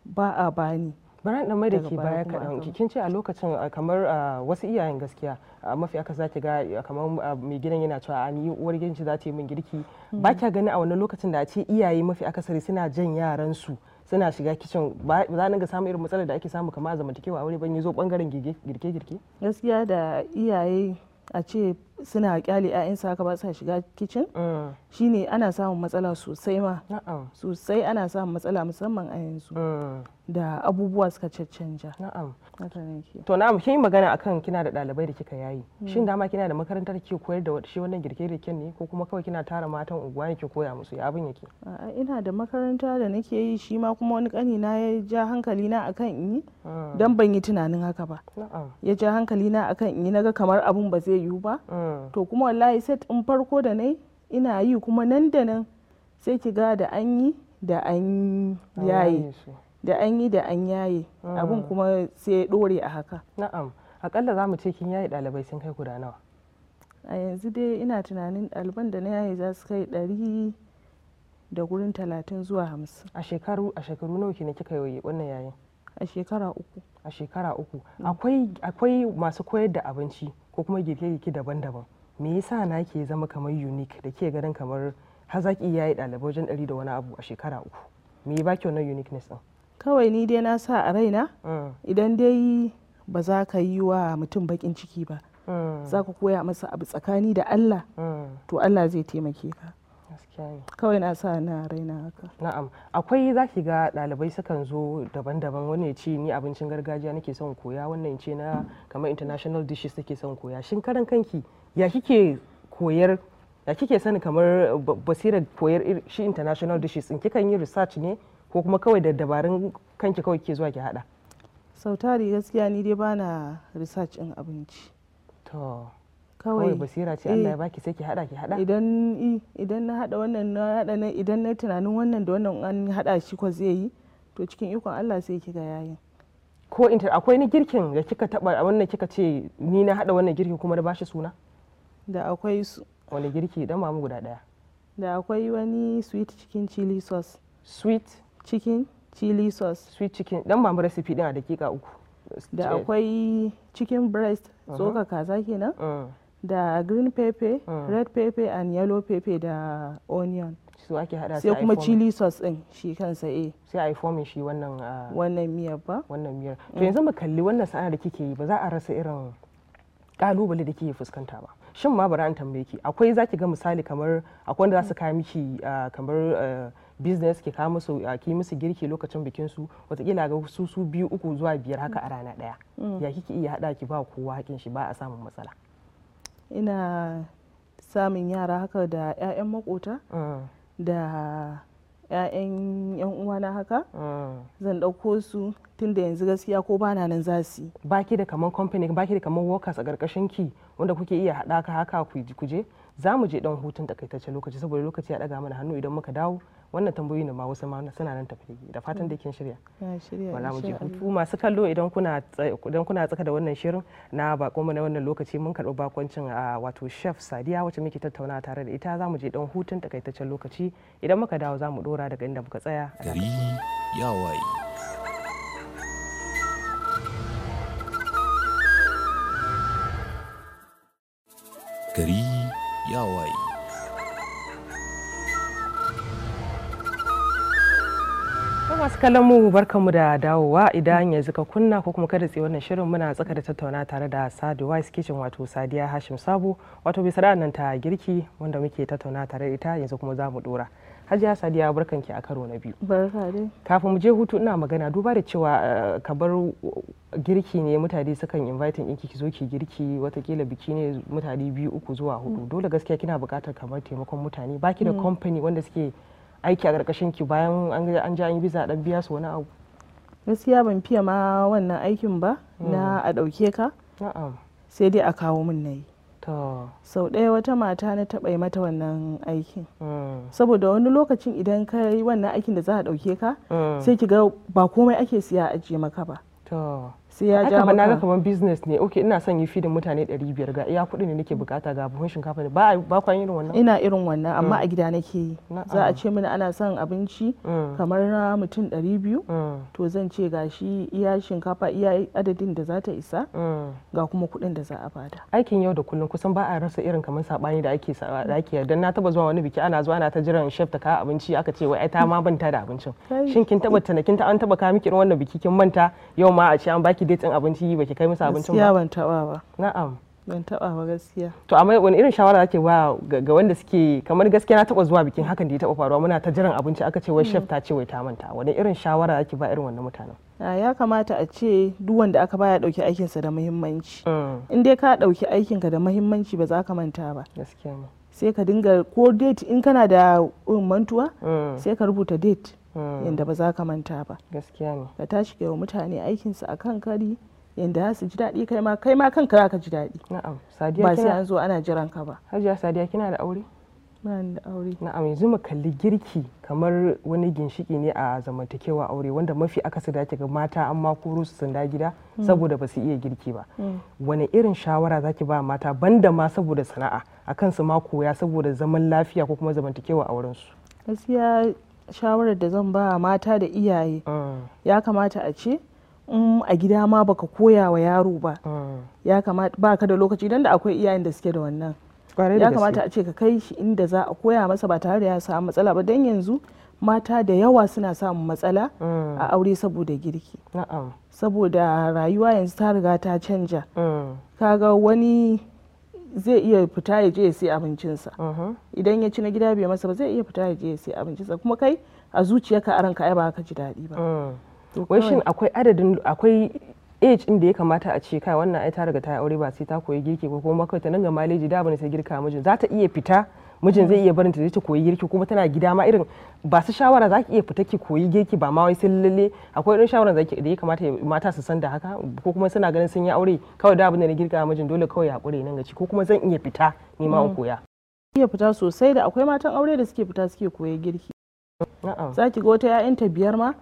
Speaker 2: ba a bani bari da mai da ke baya kaɗan kin ce a lokacin kamar wasu iyayen gaskiya mafi aka zaki ga kamar mai gidan yana cewa ni uwar gidan za ta yi min girki hmm. ba kya gani a wannan lokacin da a ce iyaye mafi akasari suna jan yaran su suna shiga kicin ba za ga samu irin matsalar da ake samu kamar a zamantakewa aure ban zo bangaren girke girke gaskiya da iyaye a ce suna kyale 'ya'yansu haka ba sa shiga kicin hmm. shine ana samun matsala sosai ma sosai ana samun matsala musamman a yanzu hmm. da abubuwa suka cancanja na'am to na'am kin yi magana akan kina da ɗalibai da kika yayi hmm. shin dama kina da makarantar kike koyar da shi wannan girke-girken ne ko kuma kawai kina tara matan unguwa ne ke koya musu ya abin yake ina da makaranta da nake yi shi ma kuma wani kani na ya ja hankali na akan in yi hmm. dan ban yi tunanin haka ba ya ja hankali na akan in yi naga kamar abun ba zai yiwu ba hmm. to kuma wallahi set in farko da nai ina yi kuma nan da nan sai ki ga da an yi da an yayi da an yi da an yaye mm. abin kuma sai ya dore a haka na'am akalla za mu ce kin yaye ɗalibai sun kai guda nawa a yanzu dai ina tunanin ɗaliban da na yaye za su kai ɗari da gurin talatin zuwa hamsin a shekaru a shekaru nawa ne kika yi wannan yayin a shekara uku a shekara uku mm. akwai masu koyar da abinci ko kuma girke-girke daban-daban me yasa na ke zama kamar unique da ke ganin kamar har yayi ɗalibai wajen ɗari da wani abu a shekara uku me ya baki wannan uniqueness din kawai ni dai na sa a raina mm. idan dai ba za ka yi wa mutum bakin ciki ba mm. za ka koya masa abu tsakani da Allah mm. to Allah zai taimake ka kawai na sa na raina haka na'am akwai za ki ga ɗalibai sukan zo daban-daban wani ce ni abincin gargajiya nake son koya wannan ce na kamar international dishes nake son koya shin karan kanki ya kike koyar ya kike sani kamar basirar koyar shi international dishes in kikan yi research ne ko kuma kawai da dabarun kanki kawai ke zuwa ki hada sautari gaskiya ni dai bana research in abinci to kawai basira ce Allah ya eh, baki sai ki hada ki hada idan idan na hada wannan na hada na idan na tunanin wannan da wannan an hada shi ko zai yi to cikin ikon Allah sai ki ga yayin ko inter akwai ni girkin da kika taba a wannan kika ce ni na hada wannan girki kuma na bashi suna da akwai su wani girki dan mamu guda daya da akwai wani sweet chicken chili sauce sweet chicken chili sauce sweet chicken dan ba mu recipe din a dakika uku da akwai chicken breast uh-huh. tsoka kaza kenan uh. da green pepper uh. red pepper and yellow pepper da onion su ake hada sai kuma chili sauce din shi kansa eh sai a yi fomin shi wannan uh, wannan miyar ba wannan miyar mm. to yanzu mu kalli wannan sana'a da kike yi ba za a rasa irin kalubale da kike fuskanta ba shin ma bari an tambaye ki akwai zaki ga misali kamar akwai wanda za su kawo miki kamar business ke kawo musu ki musu girki lokacin bikin su watakila ga su su biyu uku zuwa biyar haka a rana daya mm. ya kike iya hada ki ba kowa hakin shi ba a samun matsala ina samun yara haka da 'ya'yan makota mm. da 'ya'yan yan uwana haka mm. zan ɗauko su tun da yanzu gaskiya ko bana nan za su baki da kaman company baki da kaman workers a ƙarƙashin ki wanda kuke iya hada ka haka ku je za mu je dan hutun takaitaccen lokaci saboda lokaci ya ɗaga mana hannu idan muka dawo wannan tambayoyi ne ma wasu ma suna nan tafi da fatan da kin shirya wala mu ji hutu masu kallo idan kuna idan kuna tsaka da wannan shirin na bako mu na wannan lokaci mun karɓi bakoncin a wato chef Sadiya wacce muke tattauna tare da ita zamu je dan hutun takaitaccen lokaci idan muka dawo zamu dora daga inda muka tsaya gari
Speaker 1: ya waye gari ya waye.
Speaker 2: masu kallon mu barkanmu da dawowa idan yanzu ka kunna ko kuma kada tsaye wannan shirin muna tsaka da tattauna tare da Sadu Wise Kitchen wato Sadiya Hashim Sabo wato bai sana'a nan ta girki wanda muke tattauna tare da ita yanzu kuma za mu dora. Hajiya Sadiya barkan ki a karo na biyu. Barka dai. Kafin mu je hutu ina magana duba da cewa eh, kabar girki ne mutane sukan invite in ki zo ki girki watakila biki ne mutane biyu uku zuwa hudu mm. dole gaskiya kina bukatar kamar taimakon mutane baki da mm. company wanda suke aiki a ƙarƙashin ki bayan an ji an yi biza dan biya su wani abu gaskiya ban fiye ma wannan aikin ba hmm. na a ɗauke ka sai dai a kawo min na yi sau ɗaya wata mata na taɓa yi mata wannan aikin hmm. saboda wani lokacin idan ka yi wannan aikin da za a ɗauke ka hmm. sai ki ga ba komai ake siya a ajiye maka ba sai ya ja na ga kamar business ne okay ina son yi da mutane 500 ga iya kuɗin ne nake bukata ga buhun shinkafa ne ba ba kwan irin wannan ina irin wannan amma mm. a gida nake yi za a ce mini ana son abinci mm. kamar na mutum 200 mm. to zan ce gashi iya shinkafa iya adadin da za ta isa ga kuma kuɗin da za a bada aikin yau da kullum kusan ba a rasa irin kamar sabani da ake da ake dan na taba zuwa wani biki ana zuwa ana ta jiran chef ta kawo abinci aka ce wai ai ta ma banta da abincin shin kin taba kin ta an taba kawo miki irin wannan biki kin manta yau ma a ce an baki dai cin abinci ba ki kai musu abincin ba gaskiya ban taba ba na'am ban taba ba gaskiya to amma wani irin shawara ake ba ga wanda suke kamar gaskiya na taba zuwa bikin hakan da ya taba faruwa muna ta jiran abinci aka ce wai chef mm. ta ce wai ta manta wani irin shawara ake ba irin wannan mutanen ya kamata a ce duk wanda aka baya dauki aikinsa da muhimmanci mm. in dai ka dauki aikinka da muhimmanci ba za ka manta ba gaskiya sai ka dinga ko date in kana da um, mantuwa mm. sai ka rubuta date mm. yadda ba za ka manta ba gaskiya ne ka tashi ga mutane aikinsu a kan kari yadda za su ji daɗi kai ma kai ma kanka za ka ji daɗi ba sai an zo ana jiran ka ba hajiya sadiya kina da aure na'am yanzu mu kalli girki kamar wani ginshiki ne a zamantakewa aure wanda mafi aka su dace ga mata an ma koro su sanda gida hmm. saboda ba su iya girki ba hmm. wani irin shawara zaki ba mata banda ma saboda sana'a a su ma koya saboda zaman lafiya ko kuma zamantakewa aurensu. su gaskiya shawarar da zan ba mata da iyaye hmm. ya kamata a ce a gida ma baka koya wa yaro ba ya kamata baka da lokaci dan da akwai iyayen da suke da wannan ya kamata a ce ka kai shi inda za a koya masa ba tare da ya samu matsala ba don yanzu mata da yawa suna samun matsala mm. a aure saboda girki saboda rayuwa yanzu ta riga ta canja mm. kaga wani zai iya fita ya je ya sai abincinsa mm-hmm. idan ya ci na gida bai masa ba zai iya fita ya je ya sai abincinsa kuma kai a zuciyarka a ranka ai ba ka ji daɗi ba mm. wai shin akwai akwai age inda ya kamata a ce kai wannan ai ta riga ta aure ba sai ta koyi girki ko kuma kai ta nan ga maleji da bane sai girka mijin za ta iya fita mijin zai iya barin ta ta koyi girki kuma tana gida ma irin ba su shawara za ki iya fita ki koyi girki ba ma wai sai lalle akwai irin shawara da ya kamata mata su san da haka ko kuma suna ganin sun yi aure kawai da bane na girka mijin dole kawai ya kure nan gaci ko kuma zan iya fita ni ma in mm. koya iya fita sosai da akwai matan aure da suke fita suke koyi girki za ki ga wata 'ya'yanta biyar ma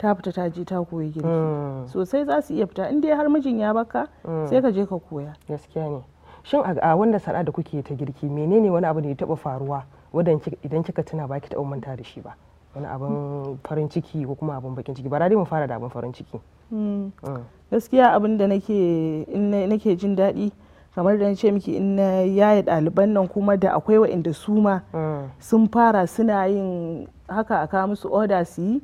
Speaker 2: ta fita ta je ta koyi girki mm. sosai za su iya fita in dai har mijin ya baka mm. sai ka je ka koya gaskiya ne shin a wanda sana'a da kuke ta girki menene wani abu da ya taba faruwa wadan idan kika tuna baki ki taba manta da shi ba wani abin farin ciki ko kuma abin bakin ciki ba mu fara da abin farin ciki mm. gaskiya abin da nake jin daɗi kamar da ce miki in na yaya ɗaliban nan kuma da akwai wa'inda su ma sun fara suna yin haka a kawo musu oda su yi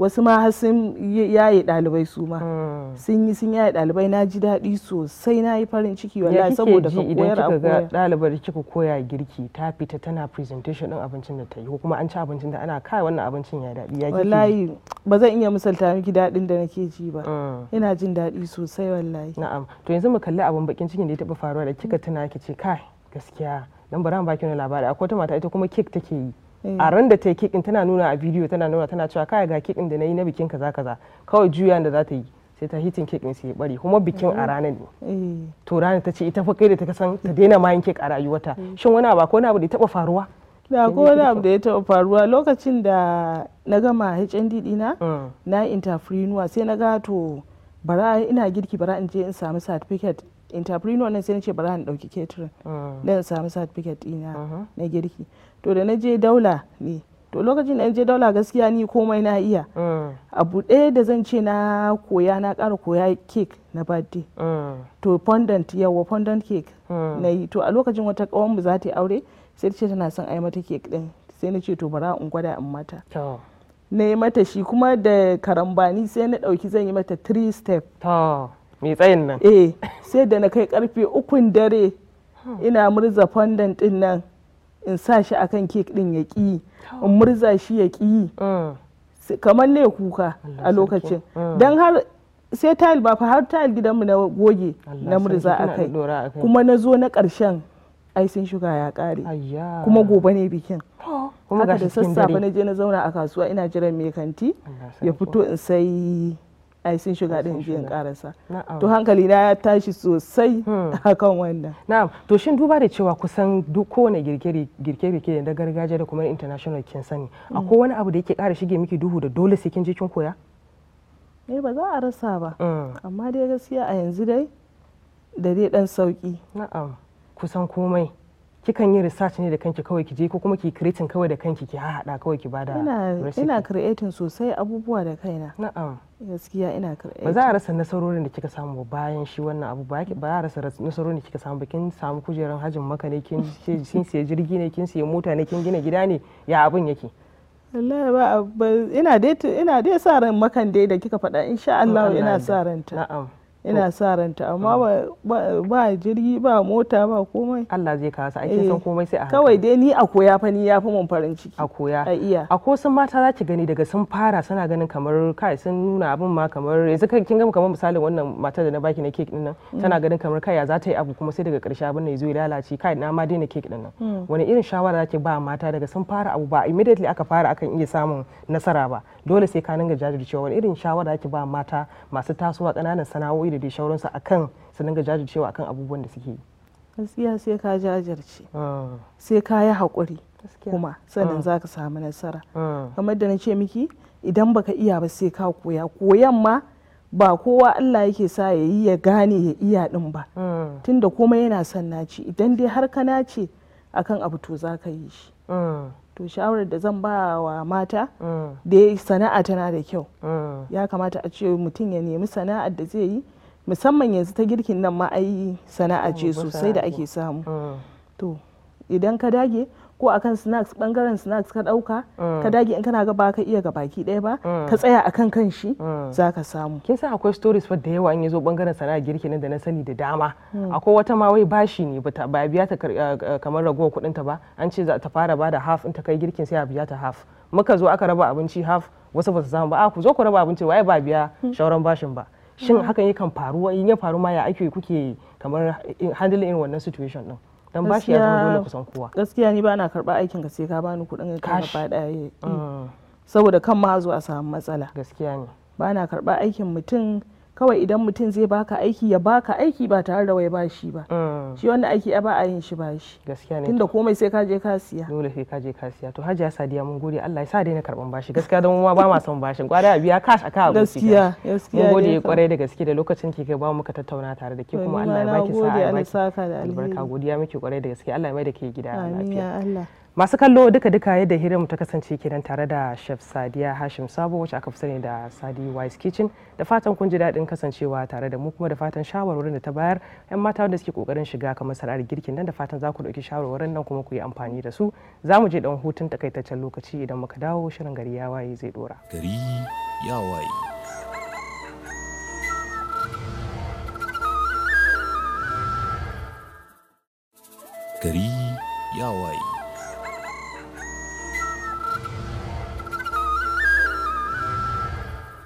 Speaker 2: wasu ma har sun yaye ɗalibai su ma hmm. sun yi sun yaye ɗalibai na ji daɗi sosai na yi farin ciki wallahi saboda ka koyar a koyar ɗalibar da kika koya girki ta fita tana presentation ɗin abincin da ta yi ko kuma an ci abincin da ana kai wannan abincin ya daɗi ya kike wallahi ba zan iya misalta miki daɗin da nake ji ba hmm. ina jin daɗi sosai wallahi na'am to yanzu mu kalli abin bakin cikin da ya taɓa faruwa da kika tuna kice kai gaskiya dan bari baki wani labari akwai ta mata ita kuma kek take yi a ran da ta yi kikin tana nuna a bidiyo tana nuna tana cewa kai ga kikin da na yi na bikin kaza kaza kawai juya da za ta yi sai ta hitin kikin sai ya bari kuma bikin a ranar ne eh. to ranar ta ce ita fa kai da ta kasan ta daina mayin kek a rayuwarta eh. shin wani abu ko wani abu da ya taba faruwa da ko wani abu da ya taba faruwa lokacin da na gama HND dina mm. na entrepreneur sai na ga to bara ina girki bara in je in samu certificate entrepreneur ne sai na ce bara in dauki catering mm. dan in samu certificate dina uh-huh. na girki to da na je daula ne to lokacin da na je daula gaskiya ni komai na iya mm. abu ɗaya da zan ce na koya na ƙara koya cake na birthday mm. to fondant yawa fondant cake mm. na yi to a lokacin wata ƙawon mu za ta yi aure sai ta ce tana son a yi mata cake ɗin sai na ce to bara in gwada in mata na yi mata shi kuma da karambani sai na ɗauki zan yi mata three step mai tsayin nan eh sai da na kai karfe ukun dare hmm. ina murza fondant din nan in sa shi akan kek din ya ƙi in murza shi ya ƙi mm. kamar ne kuka a lokacin mm. don har sai tayil ba fa har tayil gidanmu na goge na murza a kai kuma na zo na ƙarshen aisin sun ya ƙare kuma gobe ne bikin haka da sassafe na je na zauna a kasuwa ina jiran mai kanti ya fito in sai ai sun shiga din biyan karasa to hankali na ya tashi sosai hmm. akan wannan na'am to shin duba da cewa kusan duk kowane girke-girke da gargajiya da kuma international kin sani hmm. akwai wani abu da yake kara shige miki duhu da dole sai kin je kin koya eh ba za a rasa ba hmm. amma dai gaskiya a yanzu dai da dai dan sauki na'am kusan komai kikan yi research ne da kanki kawai ki je ko kuma ki creating kawai da kanki ki haɗa kawai ki bada recipe ina creating sosai abubuwa da kaina na'am gaskiya ina creating ba za a rasa nasarorin da kika samu ba bayan shi wannan abu ba ba za a rasa nasarorin da kika samu ba kin samu kujerar hajin maka ne kin kin sai jirgi ne kin sai mota ne kin gina gida ne ya abin yake wallahi ba ina dai ina dai sa ran makan dai da kika faɗa insha Allah ina sa ranta na'am ina sa ranta amma mm. ba jirgi ba mota ba komai Allah zai kawo sa aikin eh, san komai sai a haka. kawai dai ni a koya fa ni yafi mun farin ciki a koya a iya a ko sun mata za ki gani daga sun fara suna ganin kamar kai sun nuna abin ma kamar yanzu kin ga kamar misalin wannan matar da na baki na cake din nan mm. tana ganin kamar kai ya za ta yi abu kuma sai daga karshe abin ne zo ya lalace kai na ma daina cake din nan mm. wani irin shawara zaki ba mata daga sun fara abu ba immediately aka fara akan iya samun nasara ba dole sai ka ninga jajircewa wani irin shawara zaki ba mata masu tasowa kananan sana'o'i da dai a kan su dinga jajircewa akan abubuwan da suke yi gaskiya sai ka jajirce ah. sai ka yi haƙuri kuma sannan ah. za ka samu nasara ah. kamar da na ce miki idan baka iya ba sai ka koya koyan ma ba kowa Allah yake sa ya yi ya gane ya iya din ba tunda kuma yana son naci idan dai har ka nace akan abu to za ka yi shi to shawarar da zan ba wa mata da sana'a tana da kyau ya kamata a ce mutum ya nemi sana'ar da zai yi musamman yanzu ta girkin nan ma ai sana'a ce sosai da ake samu mm. to idan ka dage ko akan snacks bangaren snacks ka dauka ka mm. dage in kana ga ba ka iya ga baki daya ba mm. ka tsaya akan kan shi za ka samu kin san akwai stories fa da yawa in zo bangaren sana'a girki nan da na sani da dama akwai wata ma wai bashi ne ba biya ta eh, eh, kamar ragowar kuɗin ta ba an ce za ta fara da half in ta kai girkin sai a biya ta half muka zo aka raba abinci half wasu ba su samu ba a ku zo ku raba abinci wai ba biya hmm. shauran bashin ba shin mm. hakan yakan faru in ya faru ma ya ake kuke kamar handling irin wannan situation din dan ba shi ya zama dole kusan kowa gaskiya ni ba na karba aikin ka sai ka bani kuɗin ka da yi mm. saboda kan ma zo a samu matsala gaskiya ne ba na karba aikin mutum kawai idan mutum zai baka aiki ya baka aiki ba tare da wai bashi ba shi mm. wannan aiki ba a yin shi bashi gaskiya ne tunda komai sai ka je ka siya dole sai ka je ka siya to hajiya sadiya mun gode Allah ya sa daina karban bashi gaskiya don mu ba ma son bashin kwarai a biya cash aka abu gaskiya gaskiya mun gode kwarai da gaske da lokacin ki kai ba muka tattauna tare da ke kuma Allah ya baki sa'a ya baki albarka godiya miki kwarai da gaske Allah ya mai da ke gida lafiya masu kallo duka-duka yadda mu ta kasance kenan tare da chef sadiya hashim sabo wacce aka fi sani da sadi wise kitchen da fatan kun ji daɗin kasancewa tare da mu kuma da fatan shawarwarin da ta bayar yan mata wanda suke kokarin shiga kamar sana'ar girkin nan da fatan za ku ɗauki shawarwarin nan kuma ku yi amfani da su za mu je ɗan hutun takaitaccen lokaci idan muka dawo shirin gari ya waye zai ɗora.
Speaker 1: gari ya waye.
Speaker 3: gari ya waye.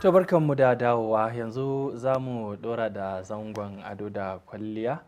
Speaker 3: to barkanmu da dawowa yanzu za mu dora da zangon ado da kwalliya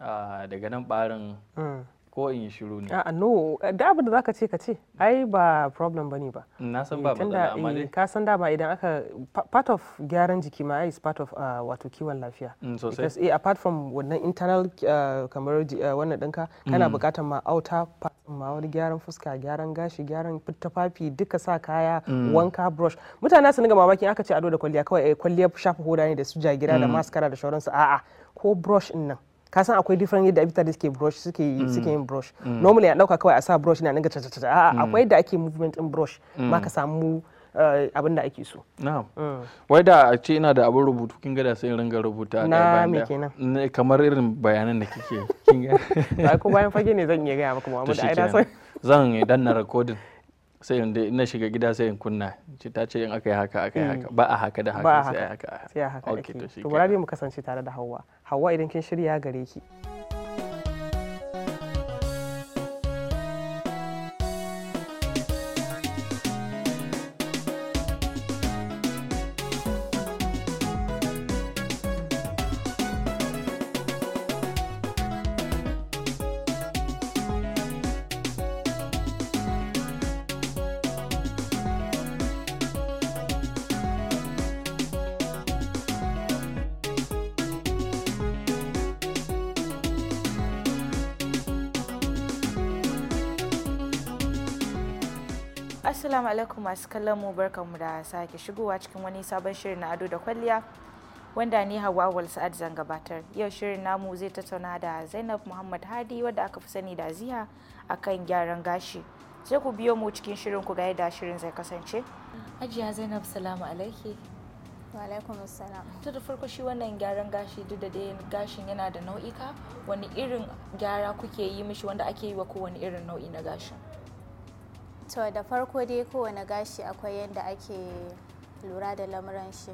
Speaker 3: ah, daga nan barin ah. ko in yi shiru ne a'a
Speaker 2: no eh, da abin da zaka ce ka ce ai ba problem bane ba
Speaker 3: na san ba eh, matsala amma eh, dai ka san dama idan aka part
Speaker 2: of gyaran jiki ma is part of ah, wato kiwon lafiya mm, because eh apart from wannan internal ah, kamar wannan ɗinka kana mm. buƙatar ma outer part ma wani gyaran fuska gyaran gashi gyaran tufafi duka sa kaya mm. wanka brush mutane su ga mamakin aka ce ado da kwalliya kawai kwalliya shafa hoda ne da su jagira da maskara da shauransu a'a ko brush din nan ka san akwai different yadda abita da suke brush suke mm. suke yin brush mm. normally a dauka kawai a sa brush na naga tata a'a mm. akwai yadda ake movement in brush ma ka samu eh, abin da ake so
Speaker 3: na'am wai da a ce ina da abin rubutu kin ga da sai ringa rubuta na me kenan kamar irin bayanan da kike kin
Speaker 7: ga ko bayan fage ne zan iya ga maka Muhammad ai da san
Speaker 3: zan na recording sai in dai ina shiga gida sai in kunna ce ta ce in aka yi haka aka yi haka mm. ba a haka da haka sai a haka sai a
Speaker 2: haka to bari mu kasance tare da Hauwa Hauwa idan kin shirya gare ki
Speaker 8: alaikum masu kallon mu barkanmu da sake shigowa cikin wani sabon shirin na ado da kwalliya wanda ni Hauwa Awal Sa'ad zan gabatar. Yau shirin namu zai tattauna da Zainab Muhammad Hadi wadda aka fi sani da Ziya akan gyaran gashi. Sai ku biyo mu cikin shirin ku ga yadda shirin zai kasance. Hajiya Zainab salamu alaiki. Wa alaikum assalam. To da farko shi wannan gyaran gashi duk da dai gashin yana da nau'ika wani irin gyara kuke yi mishi wanda ake yi wa kowane irin nau'i na gashin?
Speaker 9: to da farko dai kowane gashi akwai yadda ake lura da lamuran shi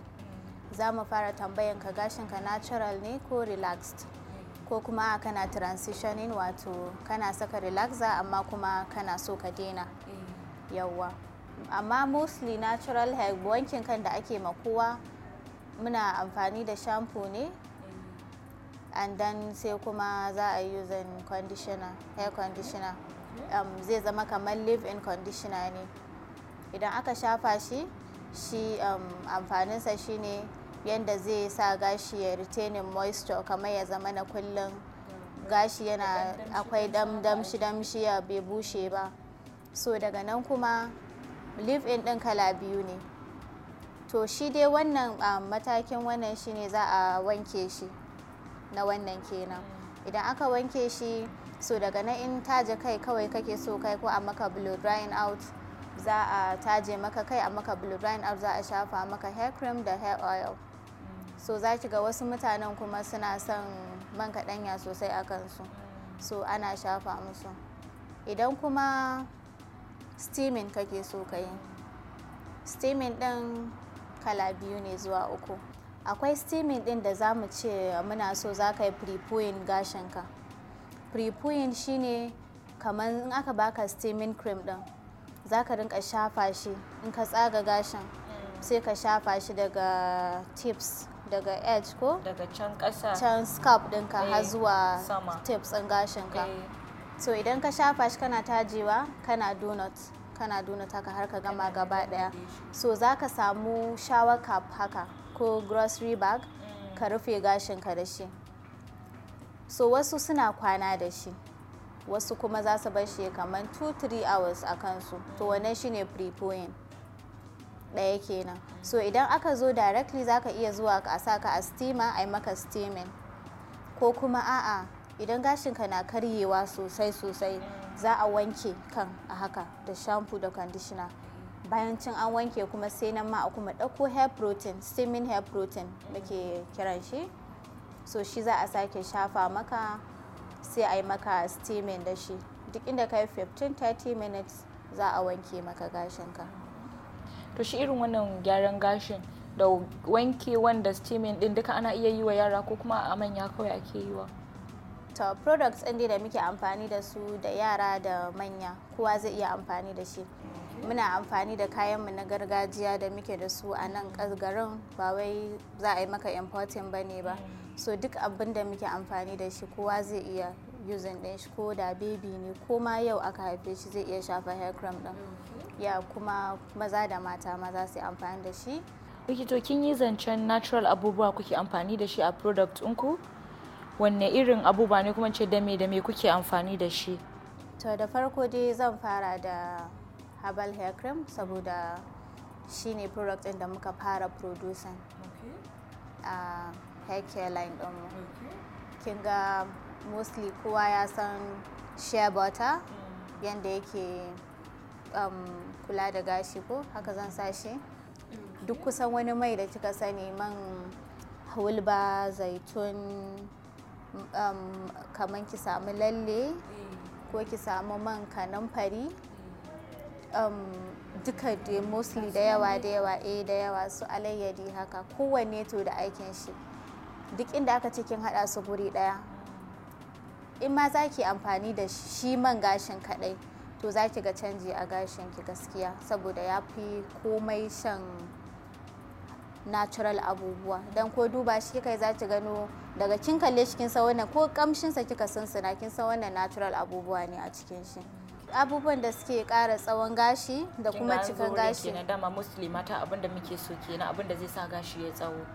Speaker 9: za mu fara tambayan ka gashin ka natural ne ko relaxed ko kuma kana transitioning wato kana saka relaxer amma kuma kana so ka daina yawwa amma mostly natural hair wankin kan da ake ma kowa muna amfani da shampoo ne and then sai kuma za a yi using conditioner hair conditioner Um, zai zama kamar leave-in conditioner ne idan aka shafa shi shi um, amfaninsa shine yadda zai sa gashi ya retaining moisture kamar ya zama na kullum gashi yana akwai dam damshi ya bai bushe ba so daga nan kuma leave-in ɗin kala biyu ne to shi dai wannan um, matakin wannan shine za a wanke shi na wannan kenan idan aka wanke shi so daga na in taje kai kawai kake so kai ko a maka blue drying out za a taje maka kai a maka blue drying out za a shafa maka hair cream da hair oil mm. so za ki ga wasu mutanen kuma suna son man kaɗanya sosai a kansu mm. so ana shafa musu idan kuma steaming kake so ka yi steaming ɗin kala biyu ne zuwa uku akwai steaming ɗin da za mu ce muna so za ka yi pre gashinka ka prepuin shine kamar in aka baka steaming cream din zaka ka rinka shafa shi in ka tsaga gashin sai ka shafa shi daga tips daga edge ko daga can kasa can scalp ɗinka har eh, zuwa tips ɗin gashinka eh. so idan ka shafa shi kana tajewa kana donut kana donut haka har ka gama gaba daya so za ka samu shower cap haka ko grocery bag mm. ka rufe gashinka da shi so wasu suna kwana da shi wasu kuma za su bar shi kamar 2-3 hours a kansu to wannan pre prepoing ɗaya kenan so idan aka zo directly za ka iya zuwa a sa ka a steamer a yi maka steaming ko kuma a'a idan gashinka na karyewa sosai sosai za a wanke kan a haka da shampoo da conditioner bayan cin an wanke kuma sai nan ma a kuma ɗauko hair protein steaming hair protein muke kiran shi so shi za a sake shafa maka sai a yi maka steaming da shi duk inda ka yi 15-30 minutes za a wanke maka gashinka
Speaker 8: to shi irin wannan gyaran gashin da wanke wanda
Speaker 9: steaming din duka ana iya yi wa yara ko kuma a manya kawai ake yi wa to products ɗin da muke amfani da su da yara da manya kowa zai iya amfani da shi muna amfani da kayanmu na gargajiya da muke da su a nan garin ba wai za a yi maka importing ba ne ba mm. so duk abin da muke amfani da shi kowa zai iya using din shi ko da baby ne ko ma yau aka haife shi zai iya shafa hair cream din ya kuma maza da mata maza su amfani da shi
Speaker 8: likito kin yi zancen natural abubuwa kuke amfani da shi a product ku wanne irin abubuwa ne kuma ce dame dame kuke amfani da shi
Speaker 9: to da farko dai zan fara da herbal hair cream saboda shine ne product ɗin da muka fara producing okay. Ah, hair care line ɗinmu kin ga mostly kowa ya san shea butter mm. yadda yake um, kula da gashi ko haka zan sa shi duk kusan wani mai da kika sani man hulba zaitun um, kamar ki samu lalle eh. ko ki samu man kanamfari eh. um, duka dai mostly da yawa da yawa eh da yawa su alayyadi haka kowanne to da aikin shi duk inda aka ce kin haɗa su guri ɗaya in ma za ki amfani da shi man gashin kaɗai to za ki ga canji a gashin ki gaskiya saboda ya fi komai shan natural abubuwa don ko duba shi kai za ki gano daga kin kalle shi kin san wannan ko kamshinsa kika sunsuna kin san wannan natural abubuwa ne a cikin shi abubuwan da suke kara tsawon gashi da kuma cikin gashi da
Speaker 8: dama muslima ta abin da muke so kenan abin da zai sa gashi ya tsawo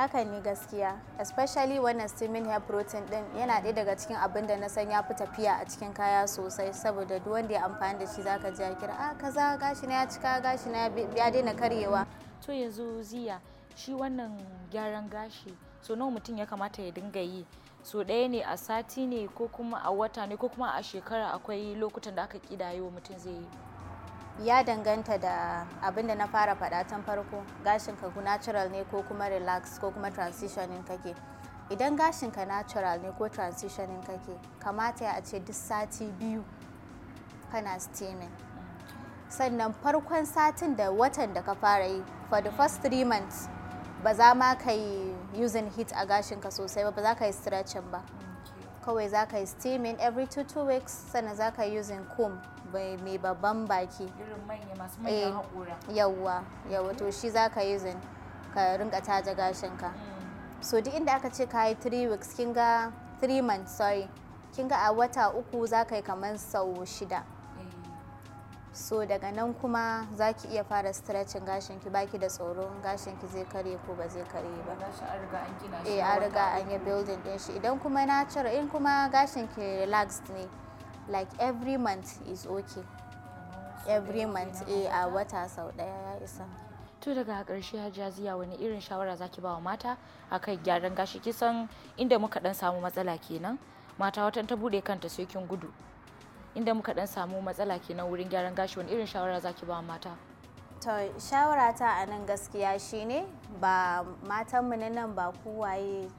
Speaker 9: haka ne gaskiya especially wannan steaming hair protein din yana ɗaya daga cikin abin da na san ya fi tafiya a cikin kaya sosai saboda duk wanda ya amfani da shi zaka ji kira a ah, kaza gashi na ya cika gashi na ya daina karyewa to yanzu ziya shi wannan
Speaker 8: gyaran gashi so nawa mutum ya kamata ya dinga yi so ɗaya ne a sati ne ko kuma a wata ne ko kuma a shekara akwai lokutan da aka kidayo mutum zai yi
Speaker 9: ya danganta da abin da na fara faɗa tun farko gashinka natural ne ko kuma relax ko kuma transitioning kake idan gashinka natural ne ko transitioning kake kamata ya ce duk sati biyu kana steaming sannan farkon satin da watan da ka fara yi for the first three months ba za ma ka yi using heat a gashinka sosai ba ba za ka yi stretching ba kawai za ka yi steaming every two two weeks sannan za ka yi using comb mai babban baki irin manya masu manyan eh, haƙura yawwa yawwa to shi za ka yi using ka rinka taje gashinka mm. so duk inda aka ce ka yi three weeks kin ga three months sorry kin ga a wata uku za ka yi kamar sau shida so daga nan kuma za ki iya fara stretching gashin ki baki da tsoron gashin ki zai kare ko ba zai kare ba eh an riga an eh, yi building din shi idan kuma natural in kuma gashin ki relaxed ne like every month is okay oh, every month eh a wata sau daya ya isa
Speaker 8: to daga karshe hajiya ziya wani irin shawara zaki ba wa mata akan gyaran gashi kisan inda muka dan samu matsala kenan mata watan ta bude kanta sai kin gudu inda muka dan samu matsala kenan wurin gyaran gashi wani irin shawara zaki ba mata
Speaker 9: to shawara ta a nan gaskiya shine ba matanmu na nan ba kowaye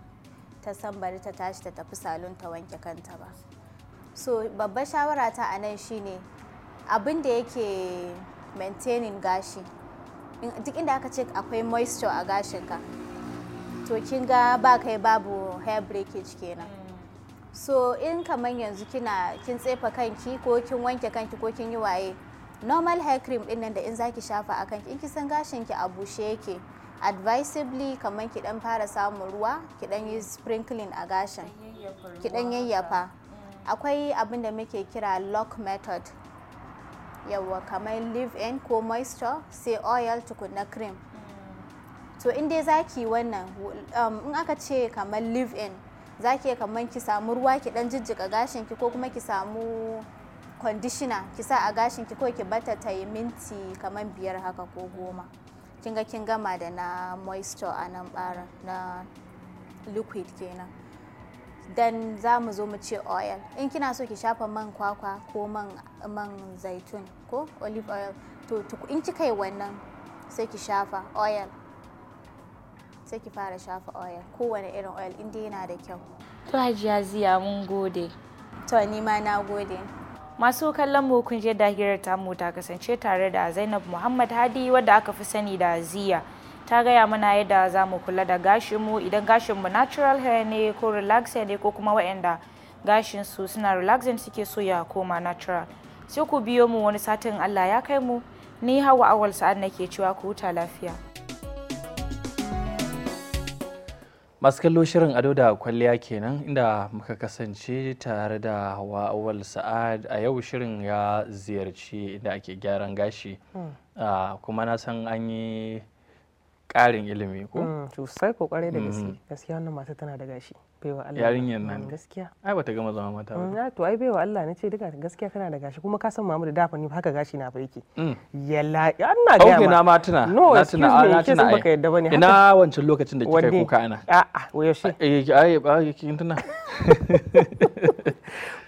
Speaker 9: ta san bari ta tashi ta tafi salon ta wanke kanta ba so babbar shawara ta a nan shine abin da yake maintaining gashi duk inda aka ce akwai moisture a gashinka to kin ga ba kai babu hair breakage kenan so in kamar yanzu kina kin tsefa kanki ko kin wanke kanki ko kin yi waye normal hair cream din nan da in zaki shafa a kanki in ki san gashin ki a bushe yake advisably kamar ki dan fara samun ruwa ki dan yi sprinkling a gashin ki dan yayyafa akwai abin da muke kira lock method yawa kamar leave in ko moisture sai oil tukunna cream mm. to in dai zaki wannan um, in aka ce kamar leave in za ki kamar ki samu ruwa ki dan jijjiga gashin ki ko kuma ki samu kwandishina ki sa a gashin ki ko ki bata ta yi minti kamar biyar haka ko goma kin ga kin gama da na moisture a nan bara na liquid kenan dan za mu zo mu ce oil in kina so ki shafa man kwakwa ko man man zaitun ko olive oil to in kika yi wannan sai ki shafa oil sai ki fara shafa oil kowane irin oil inda yana da kyau
Speaker 8: to hajiya ziya mun gode to ni ma na gode masu kallon mu kun je dahirar tamu ta kasance tare da zainab muhammad hadi wadda aka fi sani da ziya ta gaya mana yadda za mu kula da gashinmu idan gashinmu natural hair ne ko relaxer ne ko kuma waɗanda gashinsu suna relaxing suke so ya koma natural sai ku biyo mu wani satin allah ya kai mu ni hawa awal sa'ad nake cewa ku huta lafiya
Speaker 3: masu kallo shirin ado da kwalliya kenan inda muka kasance tare da wa'awal sa'ad a yau shirin ya ziyarci inda ake gyaran gashi hmm. ah, kuma na san an yi ƙarin ilimi ko? Hmm, sosai ko
Speaker 2: kwarai da gaske mm-hmm. gaskiya wannan mata tana da gashi baiwa Allah yarinyar nan gaskiya
Speaker 3: ai bata gama zama mata ba mm,
Speaker 2: to ai baiwa Allah nace duka gaskiya kana da gashi kuma ka san mamu da dafa ni haka gashi na fa yake mm. yalla ina ga ma na ma
Speaker 3: tuna na tuna na tuna ai baka yadda bane ina wancan lokacin da kika kuka ana a wayo shi eh, ai ai kin tuna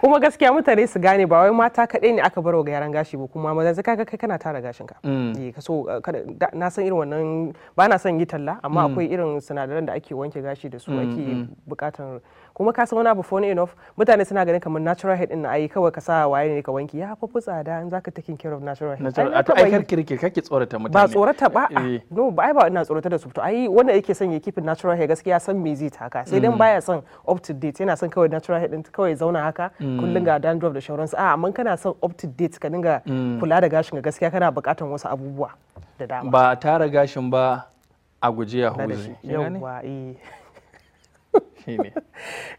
Speaker 2: kuma gaskiya mutane su gane ba wai mata kaɗai ne aka barwa ga yaran gashi ba kuma maza kaga kai kana tara gashin ka mm. eh, so eh, na san irin wannan ba na son yi talla amma mm. akwai irin sinadaran da ake wanke gashi da su mm, ake bukatar kuma ka san wani abu phone enough mutane suna ganin kamar natural head din na ayi kawai ka sa waye ne ka wanki ya fa tsada in zaka take care of natural head a to ai
Speaker 3: kirkir kake tsorata mutane ba tsorata ba eh.
Speaker 2: no ba ai ba ina tsorata da su to ai wanda yake son ya keep natural head gaskiya san me zai taka sai dan mm. baya son up to date yana son kawai natural head din kawai zauna haka mm. kullun ga dandruff da shauransu a amma kana son up to date ka dinga mm. kula da gashin gaskiya kana bukatan wasu abubuwa da dama
Speaker 3: ba tara gashin ba a guji ya huzi yauwa eh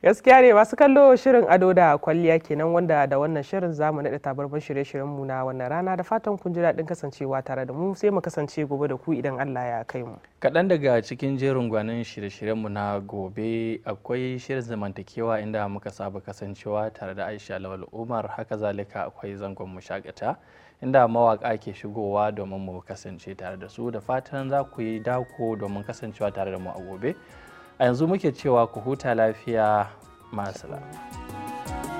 Speaker 3: gaskiya ne masu kallo shirin ado da kwalliya
Speaker 2: kenan wanda da wannan shirin zamu naɗa tabarbar shirye-shiryen mu na wannan rana da fatan kun ji daɗin kasancewa tare da mu sai mu kasance gobe da ku idan Allah ya kai mu
Speaker 3: kaɗan daga cikin jerin gwanin shirye-shiryen mu na gobe akwai shirin zamantakewa inda muka saba kasancewa tare da Aisha Lawal Umar haka zalika akwai zangon mu shakata inda mawaka ke shigowa domin mu kasance tare da su da fatan za ku yi dako domin kasancewa tare da mu a gobe a yanzu muke cewa ku huta lafiya masala.